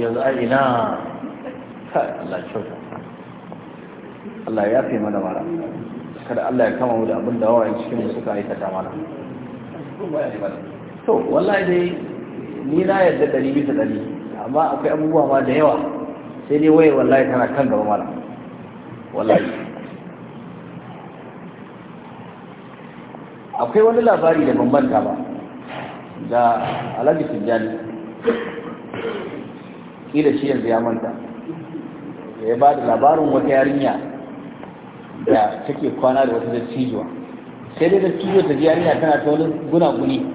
yanzu a ina Allah kyauta Allah ya fi mana mara kada Allah ya kama mu da abin da wawayen cikin mu suka aikata mana to wallahi dai ni na yadda ɗari bisa ɗari amma akwai abubuwa ma da yawa sai dai waye wallahi tana kan gaba mara wallahi akwai wani labari da bambanta ba da alhaji tijjani kila shi yanzu ya manta da ya ba da labarin wata yarinya da take kwana da wata da dattijuwa sai dai dattijuwa ta ji yarinya tana ta wani gunaguni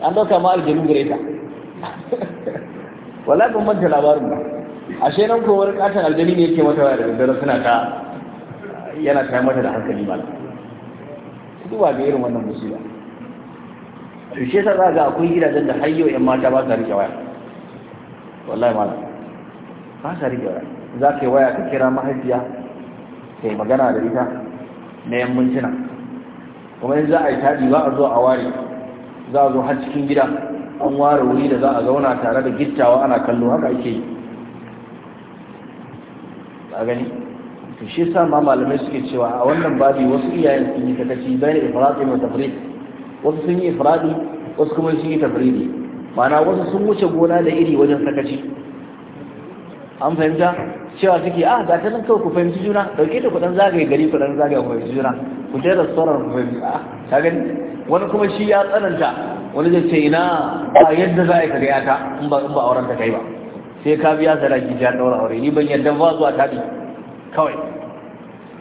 an dauka ma aljanu gare ta wala bambanta manta labarin ba ashe nan kuma wani katon aljani ne yake mata da daddare suna ta yana ta mata da hankali ba zuwa da irin wannan musila to shi yasa za ga akwai gidajen da har yau yan mata ba sa rike waya wallahi malam ba sa rike waya za ka yi waya ka kira mahajiya, ka yi magana da ita na yan mintuna kuma in za a yi taɗi ba a zo a ware za a zo har cikin gida an ware wuri da za a zauna tare da gittawa ana kallo haka ake yi Ba gani to shi sa ma malamai suke cewa a wannan babi wasu iyayen sun yi takaci bayan ifradi wa tafriq wasu sun yi ifradi wasu kuma sun yi tafridi ma'ana wasu sun wuce gona da iri wajen sakaci an fahimta cewa suke ah ga nan kawai ku fahimci juna dauke da kudan zagaye gari kudan zagaye ku fahimci juna ku da restaurar ku fahimci ah ka gani wani kuma shi ya tsananta wani zai ce ina ba yadda za a yi ka gaya ta in ba auren ta kai ba sai ka biya sadaki jiya daura aure ni ban yadda ba zuwa taɗi kawai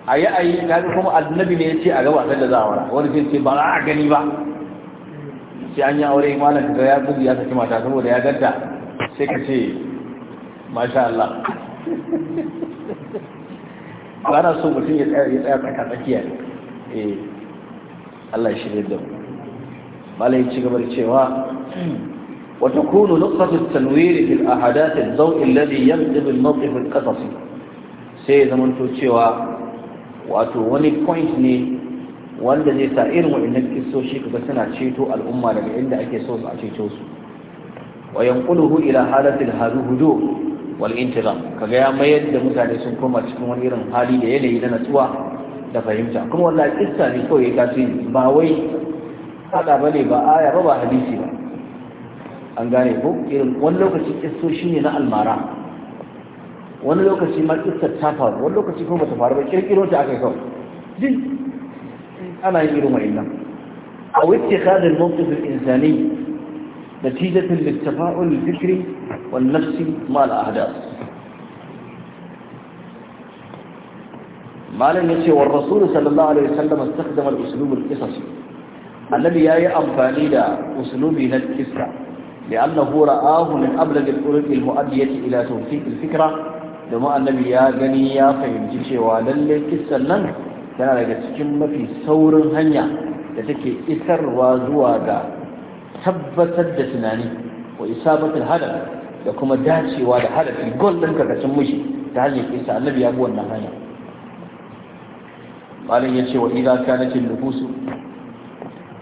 a yi a yi kaga kuma annabi ne ya ce a ga wasan da zawara wara wani sai ce ba a gani ba sai an yi aure malam ga ya gudu ya saki mata saboda ya ganta sai ka ce masha Allah ba na so mutum ya tsaya tsaka tsakiya eh Allah ya ne da mu malai ci gaba da cewa وتكون نقطة التنوير في الأحداث الضوء الذي ينقذ الموقف القصصي sai ya zamanto cewa wato wani point ne wanda zai sa irin waɗannan kistoshi kaga suna ceto al'umma daga inda ake so su a ceto su wa yanquluhu ila halatil hazuhudu wal intizam kaga ya mayar da mutane sun koma cikin wani irin hali da yanayi na natsuwa da fahimta kuma wallahi kissa ne kawai ya tasiri ba wai hada bane ba aya ba ba hadisi ba an gane ko irin wani lokaci kissoshi ne na almara wani lokaci ma kissar ta faru wani lokaci kuma bata faru ba kirkiro ta aka kawo duk ana yin irin wa'annan a wuce kadin mawqifin insani نتيجة للتفاؤل الفكري والنفسي مع الأحداث ما لم يتي والرسول صلى الله عليه وسلم استخدم الأسلوب القصصي الذي يأي أنفاني دا أسلوبي للكسرة لأنه رآه من أبلغ القلوب المؤدية إلى توفيق الفكرة domin annabi ya gani ya fahimci cewa lalle kissan nan tana daga cikin mafi saurin hanya da take isarwa zuwa ga tabbatar da tunani isa isabatul hadar da kuma dacewa da hadafi gol ɗin karkashin mushi ta hanyar kisa annabi ya bi wannan hanya malin ya ce wa idan kanatin nufusu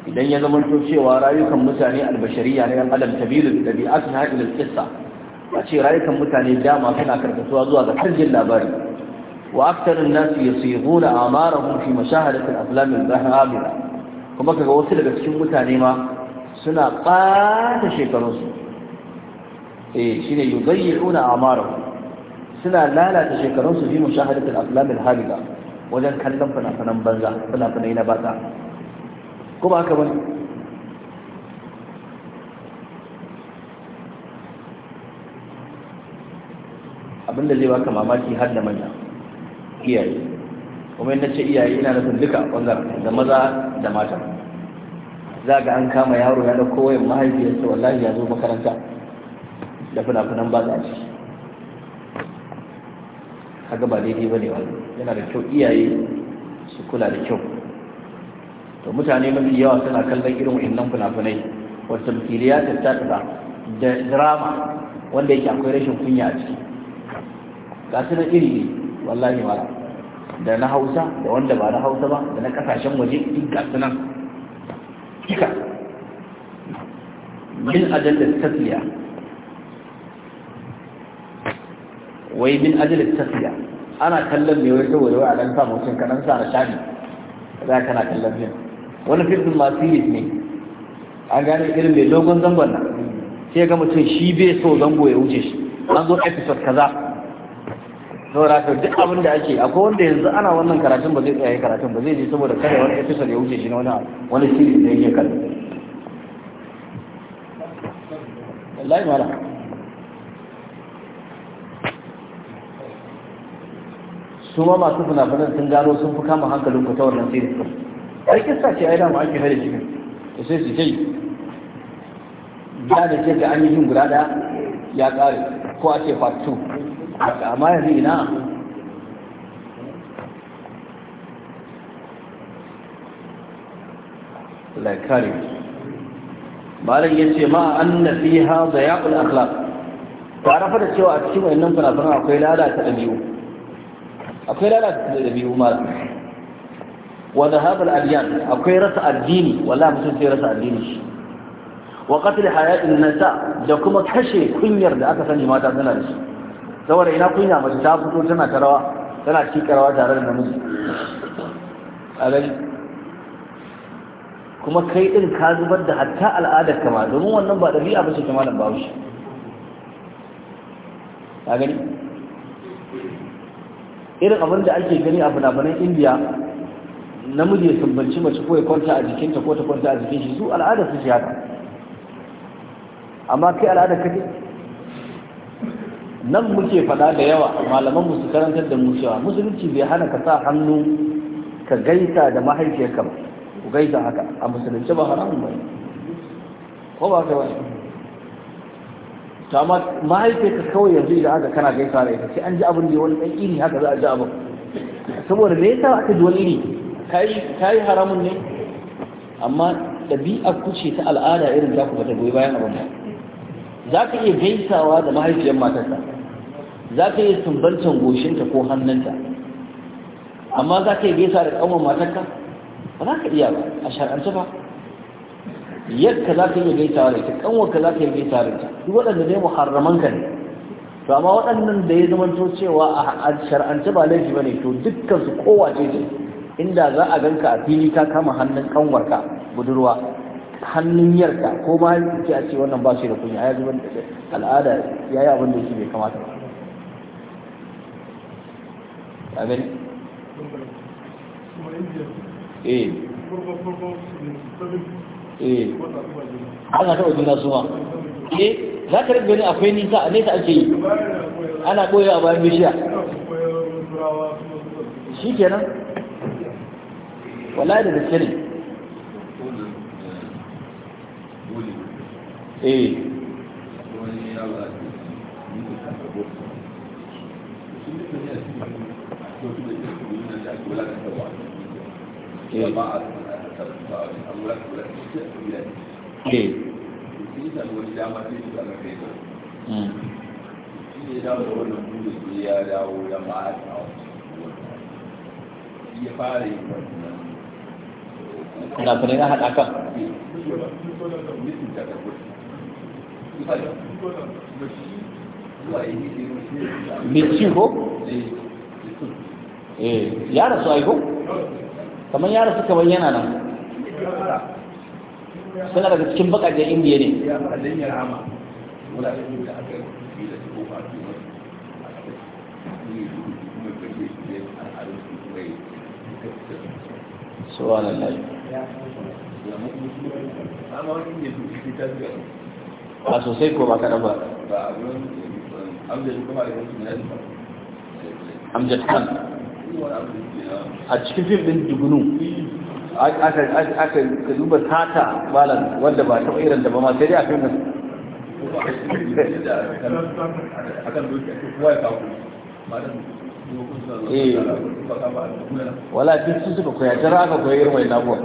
idan ya zama cewa rayukan mutane albashariya na yan adam tabilu da bi'atun haƙilin kissa a ce rayukan mutane dama suna karkatuwa zuwa ga tarjin labari wa aktarun nasu ya suyi a amarahun fi mashahadatul aflamin zahamira kuma kaga wasu daga cikin mutane ma suna ɓata shekarunsu eh shine yubayyi'una amarahum suna lalata shekarunsu fi mashahadatul aflamin halida wajen kallon fana-fanan banza fana-fanai na bata kuma haka wani abinda zai baka mamaki har da manya iyaye kuma na ce iyaye ina nufin duka ɓangaren da maza da mata za ga an kama yaro ya ɗauko wayan mahaifiyarsa wallahi ya zo makaranta da fina-finan ba za a ciki haka ba daidai ba ne ba yana da kyau iyaye su kula da kyau to mutane mafi yawa suna kallon irin wa'annan fina-finai wata tamthiliya ta da drama wanda yake akwai rashin kunya a ciki ga su na iri ne wallahi ba da na hausa da wanda ba na hausa ba da na kasashen waje duk ga su nan kika min ajallar tasliya wai min ajallar tasliya ana kallon mai wata wadawa wai a ɗan sa mutum ka ɗan sa na shani za ka na kallon yin wani fim masu yi ne an gane irin mai dogon zangon nan sai ga mutum shi bai so zango ya wuce shi an zo episode kaza saboda haka duk abin da ake akwai wanda yanzu ana wannan karatun ba zai tsaya karatun ba zai je saboda kada wani episode ya wuce shi na wani wani series da yake kan wallahi mala su ma masu fina-finan sun gano sun fi kama hankalin ku ta wannan series din ai kissa ce ai da mu ake hada shi to sai su kai da da ke ga an yi guda daya ya kare ko a ce part 2 haka amma yanzu ina laikari malam ya ce ma an na fi ha da yaƙul akhlaq ta rafa da cewa a cikin wayannan fina akwai lalata ɗabi'u akwai lalata ɗabi'u malam wa zahab al akwai rasa addini wala mutum sai rasa addini shi wa qatl hayat an da kuma kashe kunyar da aka sani mata suna da shi saboda ina kunya mace ta fito tana karawa tana ci karawa tare da namiji a gani kuma kai din ka zubar da hatta al'adar kama domin wannan ba ɗabi'a ba ce ta malam bahaushe a gani irin abin da ake gani a fina-finan indiya namiji ya sumbanci mace ko ya kwanta a jikinta ko ta kwanta a jikin shi su al'adar su shi haka amma kai al'adar ka nan muke faɗa da yawa malaman musu karantar da mu cewa musulunci bai hana ka sa hannu ka gaisa da mahaifiyarka ba ku gaisa haka a musulunci ba haramun ba ko ba ka wani to amma mahaifiyarka kawai yanzu idan aka kana gaita da ita sai an ji abin da wani ɗan iri haka za a ji abin saboda me yasa aka ji wani iri kai yi haramun ne amma ɗabi'ar ku ce ta al'ada irin za ku bata goyi bayan abin ba za ka iya gaisawa da mahaifiyar matarsa za ka yi tumbantan goshinta ko hannunta amma za ka yi gaisa da ƙanwar matarka ba za ka iya ba a shar'anta ba yadda za ka yi gaisa da ita ka za ka yi gaisa da ita duk waɗanda ne muharraman ka ne to amma waɗannan da ya to cewa a shar'anta ba laifi ba ne to dukkan su kowace ce inda za a ganka a fili ka kama hannun ƙanwarka budurwa hannun yarka ko ma ya ce a ce wannan ba shi da kunya ya zuban al'ada ya yi abin da yake bai kamata ba ka gani eh eh ana taɓa juna su ma eh za ka rabbi akwai nisa nesa ake yi ana koya a bayan bishiya shi kenan wala da Kuna kuna na haɗa kan? Mai ci ko? Eh. eh ya rasu aiko kamar ya rasu kamar yana nan suna daga cikin bakajen indiya ne subhanallah ba ko ba kaɗan ba amjad khan a cikin fim din dugunu aka ka duba tata balan wanda ba taɓa irin da ba ma sai dai a fim din eh, wala duk su suka koya jira aka koya irin wai nabuwa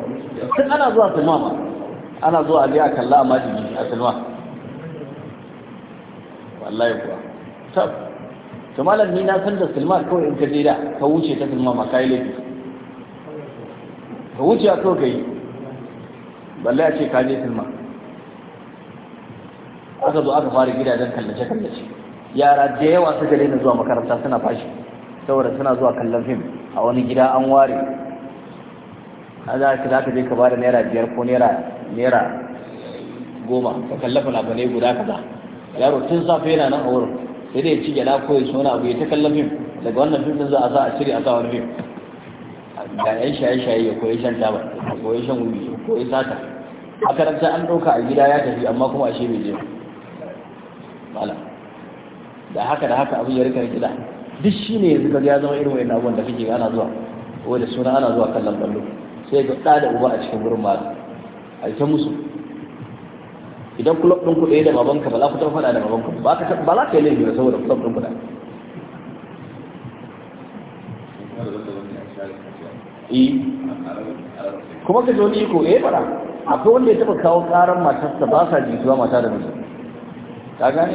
tun ana zuwa sinima ma ana zuwa a biya kalla a majigi a sinima wallahi kuwa to malam ni na san da Sulman kawai in ka je da ka wuce ta Sulman ma kai laifi ka wuce a kawai kai balle a ce ka je Sulman aka zo aka fara gidajen kallace kallace yara da yawa suka daina zuwa makaranta suna fashi saboda suna zuwa kallon fim a wani gida an ware a za ka za je ka bada naira biyar ko naira naira goma ka kallafa labarai guda kaza yaro tun safe yana nan a wurin sai dai ya ci gada ko ya ci wani abu ya ta kallon fim daga wannan fim din za a sa a cire a sa wani fim ga yan shaye-shaye ya koyi shan taba ya koyi shan wuri ya koyi sata karanta an ɗauka a gida ya tafi amma kuma a shi bai je mala da haka da haka abin ya rika gida duk shi ne yanzu ya zama irin wayan abubuwan da kake ana zuwa wai da suna ana zuwa kallon ballo sai ga ɗa da uba a cikin gurin mata a ita musu idan kulob din kuɗi da babanka ba za ku taɓa faɗa da babanka ba ka ba za ka yi laifi ba saboda kulob din ku da eh. kuma ka zo wani iko eh fara akwai wanda ya taɓa kawo ƙaran matarsa ba sa jituwa mata da miji ka gane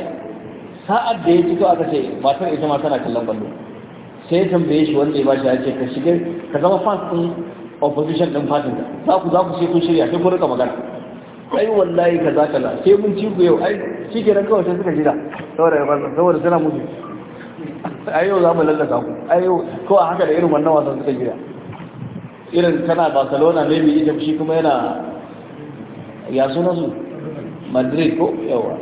sa'ad da ya fito aka ce matar ita ma tana kallon ballo sai ya tambaye shi wanda ya ba shi ya ce ka shiga ka zama fans din opposition din fatin za ku za ku sai kun shirya sai kun rika magana ai wallahi ka za ka la sai mun ci ku yau ai shi kenan kawai sai suka jira saboda saboda suna mutu ai yau za mu lallaka ku ai yau ko a haka da irin wannan wasan suka jira irin tana barcelona ne mai ita shi kuma yana ya suna su madrid ko yawa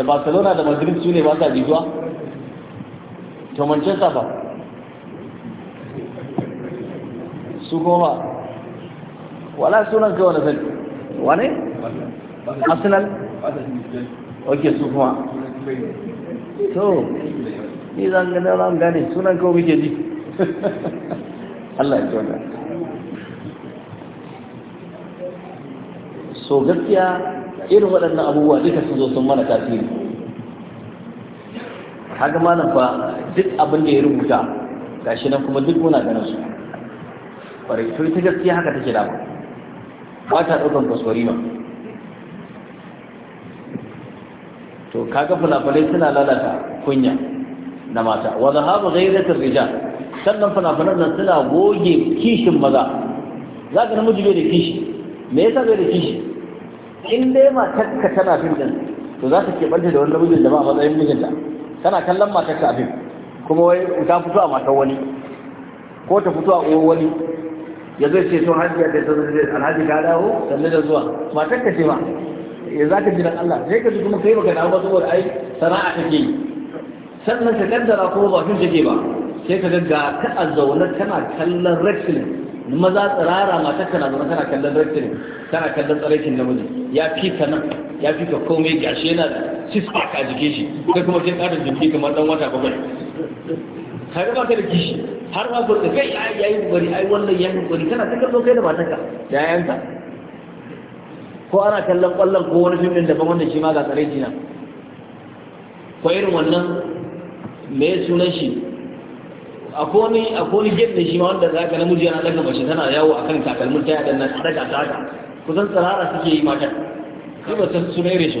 da barcelona da madrid su ne ba sa jituwa to manchester ba. su kuma wala sunan kawai na sani wane? arsenal? ok su kuma to ni zan gane ran gane sunan kawai ke ji (laughs) Allah ya tona so gaskiya irin waɗannan abubuwa duka su zo sun mana tasiri haka malam fa duk abin da ya rubuta gashi nan kuma duk muna ganin su ƙwarai to ita gaskiya haka take ba ba ta ɗaukan kwaskwarima to kaga fulafalai suna lalata kunya na mata wa zahabu ghairatul rijal sannan fulafalan nan suna goge kishin maza Za ka namiji bai da kishi me yasa bai da kishi in dai matarka tana fin din to za ta keɓanta da wani namijin da ba a matsayin mijinta tana kallon matarka a fin kuma wai ta fito a matar wani ko ta fito a uwar wani ya zai ce sun hajji ya sun zai alhaji ka dawo sannu da zuwa matar ka ce ma ya za ka jiran Allah sai ka ji kuma kai baka dawo ba saboda ai sana'a kake yi sannan ka kaddara ko ba kin take ba sai ka ga ka a zaune kana kallon wrestling maza tsirara matar kana zaune kana kallon wrestling kana kallon tsaraikin namiji ya fi ka nan ya fi ka komai gashi yana six a jikin shi sai kuma ka ƙarin jiki kamar dan wata bakwai kaga ba ka da kishi har ma burka kai ai yayi kokari ai wannan ya yayi kokari tana ta kallo kai da matarka da yayanka ko ana kallon kwallon ko wani fim din daban wannan shi ma ga tsare jina ko irin wannan me sunan shi akwai wani a wani gate ne shi ma wanda za zaka namiji yana daga mace tana yawo a kan takalmin taya dan nan daga ta haka kusan tsirara suke yi mata sai ba san sunan irin shi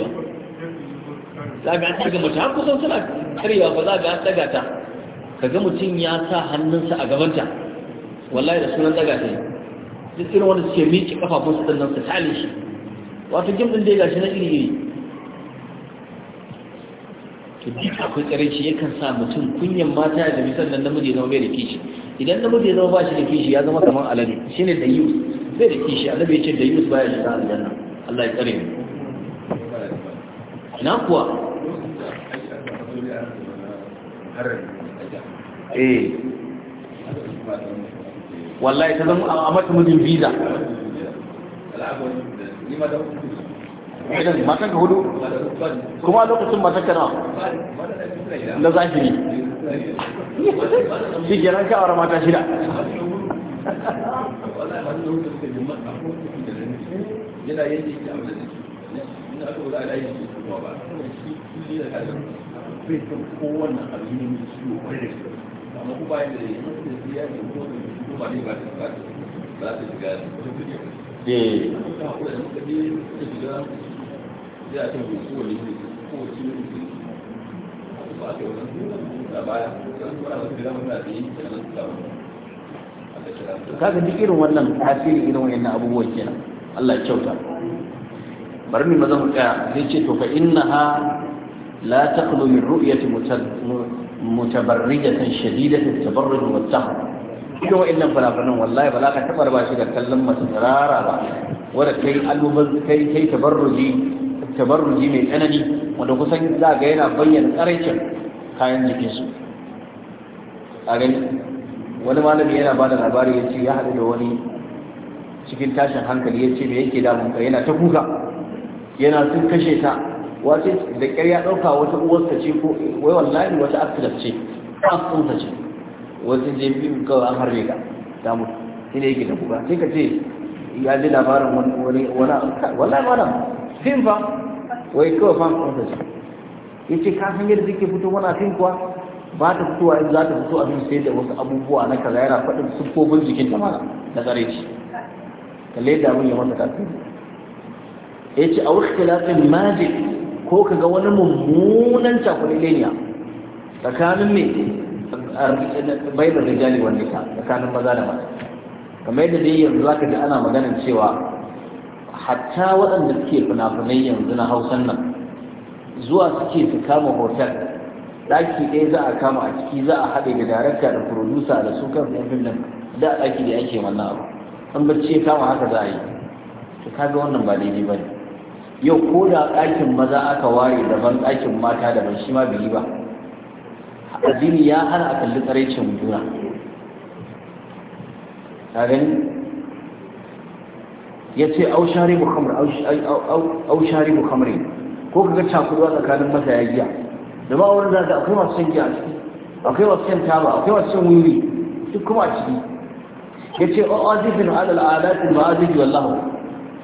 za ga an daga mace har kusan suna karyewa ba za ga an daga ta Ka ga mutum ya sa hannunsa a gabanta wallahi da sunan daga ta duk irin wanda suke miƙe kafafun su nan su tali shi wato gim din ya gashi na iri iri to duk akwai karanci yakan sa mutum kunyan mata da misan nan namiji zama bai da kishi idan namiji zama ba shi da kishi ya zama kamar alade shine da yus bai da kishi annabi ya ce da yus baya shiga aljanna Allah ya tsare ni na kuwa eh wallahi ta zama a mata mijin visa idan matan ka hudu kuma lokacin matan ka nawa na zahiri shi kenan ka mata shida yana yanke ki a ciki ina aka a ba shi da kowanne amma duk irin wannan tasiri irin wannan abubuwan kenan Allah ya kyauta bari ni maza mu zai ce to fa innaha la taqlu min ru'yati mutabarrijatan shadidatat tabarruj wa tahr ido wa'annan falafalan wallahi ba za ka taɓa ba shi da kallon masu tsirara ba wadda kai albuban kai kai tabarruji tabarruji mai tsanani wanda kusan za yana bayyana kayan jikinsu wani malami yana ba da labari ya ce ya haɗu da wani cikin tashin hankali ya ce me yake damun ka yana ta kuka yana sun kashe ta wace da ƙyar ya ɗauka wata uwarsa ce ko wai wallahi wata aktilaf ce aktilaf ce wata je bi kawai an harbe ka Damu mutu sai yake da buga sai ka ce ya ji labarin wani wani wallahi ma nan fim fa wai kawai fan ɗansa ce ya ce ka hanyar da ke fito wani fim kuwa ba ta fitowa in za ta fito abin sai da wasu abubuwa na kaza yana faɗin siffofin jikin ta ma na tsare shi kalle da abin ya masa kafin ya ce a wasu kilafin majik ko ka ga wani mummunan cakulileniya tsakanin ne bainar rijali wanda ta tsakanin maza da mata kamar yadda dai yanzu za ka ji ana maganin cewa hatta waɗanda suke fina-finai yanzu na hausan nan zuwa suke su kama hotel ɗaki ɗaya za a kama a ciki za a haɗe da darakta da furodusa da su kan fim nan da ɗaki da ake wannan abu an bacci ya kama haka za a yi to kaga wannan ba daidai ba ne yau ko da ɗakin maza aka ware daban ɗakin mata daban shi ma bai yi ba addini ya hana a kalli tsaraicin juna gani ya ce aushari muhammari ko kaga cakuduwa tsakanin mataya giya da ba wani zata akwai masu shan giya a ciki akwai masu shan taba akwai masu shan wiwi duk kuma a ciki ya ce o azifin alal alatin ba azifi wallahu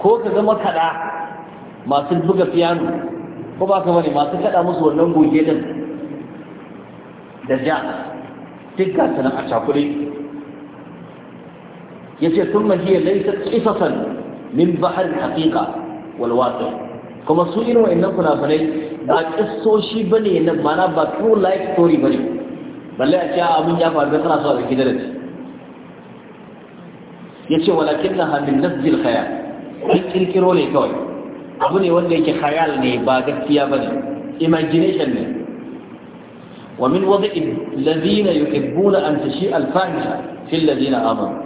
ko ka zama kaɗa. masu buga piano ko ba ka bane masu kada musu wannan goge din da ja tikka ga ta nan a cakure yace sun ma hiya laysat qisasan min bahr haqiqa wal waqi kuma su irin kuna bane ba kissoshi bane nan mana ba true life story bane balle a cewa abin ya faru da kana so a biki da rashi yace walakinnaha min nafsi al khayal kirkiro ne kawai abu ne wanda yake khayal ne ba gaskiya bane imagination ne wa min wada'i ladina yuhibbuna an tashi al-fahisha fi alladhina amanu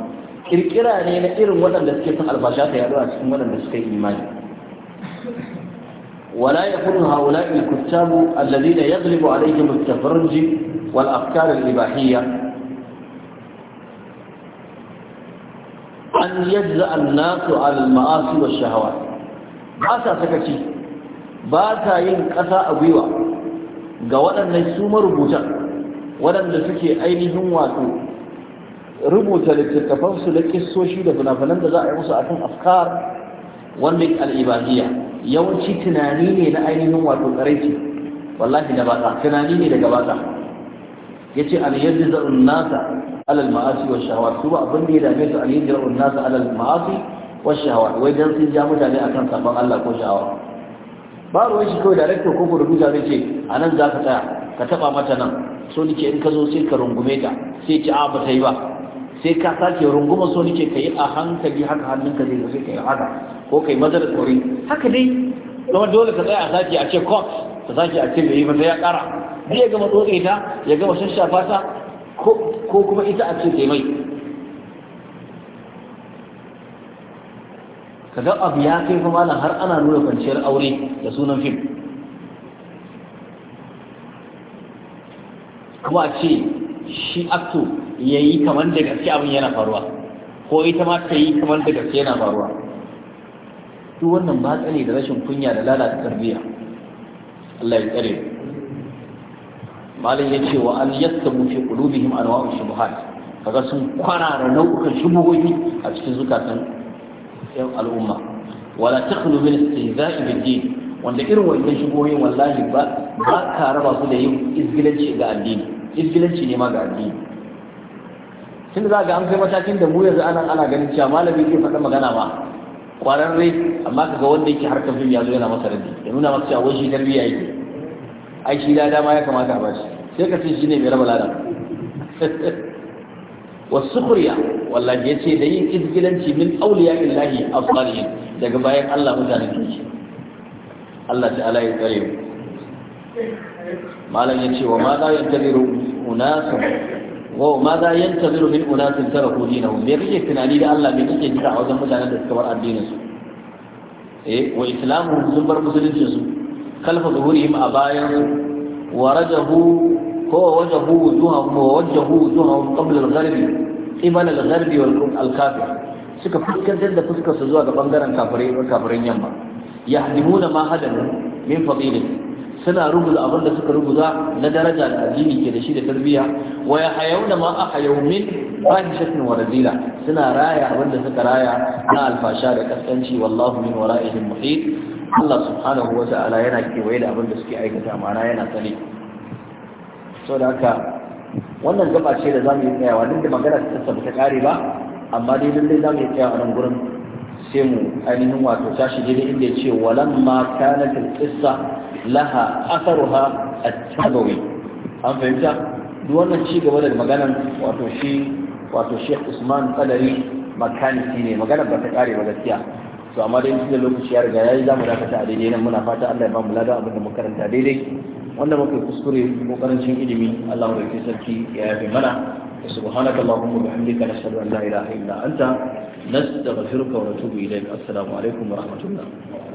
kirkira ne na irin wadanda suke son albasha ta yaɗu a cikin waɗanda suka yi imani ولا يكون هؤلاء الكتاب الذين يغلب عليهم التفرج والأفكار الإباحية أن يجزأ الناس على المعاصي والشهوات ba sa sakaci ba sa yin ƙasa a gwiwa ga waɗannan su marubutan waɗanda suke ainihin wato rubuta littattafansu da kissoshi da fina-finan da za a yi musu a kan afkar wanda al'ibadiyya yawanci tunani ne na ainihin wato tsaraici wallahi da batsa tunani ne daga batsa ya ce aliyar da nasa alal ma'asi wa shawar su ba abin da ya dame su aliyyar da nasa alal ma'asi Ko shahawa wai dan sun ja mutane akan sabon Allah ko shawa ba ruwa shi kawai director ko rubuta ne ce a nan za ka tsaya ka taba mata nan so nake in ka zo sai ka rungume ta sai ki a ba ta yi ba sai ka sake runguma so nake ka yi a hankali haka hannunka zai zo sai kai haka ko kai maza da tsori haka dai kuma dole ka tsaya a sake a ce court ka sake a ce bai yi ba sai ya kara zai ya gama tsotse ta ya gama shashafa ta ko kuma ita a ce taimai kaga abu ya kai fa malam har ana nuna kwanciyar aure da sunan fim kuma a ce shi akto ya yi kamar da gaske abin yana faruwa ko ita ma ta yi kamar da gaske yana faruwa duk wannan ba ne da rashin kunya da lalata tarbiyya Allah ya tsare malam ya ce wa an yastabu mufi kulubihim anwa'u shubuhat kaga sun kwarara nau'ukan shubuhohi a cikin zukatan yan al'umma wala takhlu min istihza'i bid din wanda irin wannan shigoyin wallahi ba ba ka raba su da yin izgilanci ga addini izgilanci ne ma ga addini tun da ga an kai matakin da mu yanzu ana ana ganin cewa malami zai faɗa magana ma kwararre amma kaga wanda yake harkar fim ya zo yana masa rabi ya nuna masa cewa wai shi tarbiyya yake ai shi da dama ya kamata a bashi sai ka ce shi ne mai raba ladan (laughs) والسخرية والله يتي دين إذجلنتي من أولياء الله الصالحين daga bayan Allah mutanen kirki Allah ta'ala ya tsare mu malam yace wa ma za yantaziru unasun wa ma za yantaziru min unasin taraku dinahum me kake tunani da Allah me kake jira a wajen mutanen da suka bar addinin su eh wa sun bar musulunci su kalfa mu a bayan wa هو وجهه وجوههم ووجهه وجوههم قبل الغرب قبل الغرب والكافر suka fuskantar da fuskar zuwa ga bangaren kafirai kafirin yamma yahdimuna ma hadan min fadilin suna rubuta abin da suka rubuta na daraja da addini ke da shi da tarbiyya wa yahayuna ma ahayau min fahishatin wa razila suna raya abin da suka raya na alfasha da kaskanci wallahu min wara'ihim muhit Allah subhanahu wa ta'ala yana kewaye da abin da suke aikata ma'ana yana sani saboda haka wannan gaba ce da mu yi tsayawa duk da magana ta tsaba ta kare ba amma dai za zamu yi tsayawa nan gurin sai mu ainihin wato tashi daidai inda ya ce ma kanat al-qissa laha atharuha at-tabawi an fahimta duk wannan ci gaba da maganan wato shi wato Sheikh Usman Qadari makaniki ne maganar ba ta kare ba gaskiya to amma dai da lokaci ya riga yi zamu dakata a daidai nan muna fata Allah ya ba mu lada abin da muka karanta daidai wanda muka kuskure ko karancin ilimi Allah ya sarki ya yafe mana subhanaka allahumma bihamdika nashhadu an la ilaha illa anta nastaghfiruka wa natubu ilayk assalamu alaikum wa rahmatullah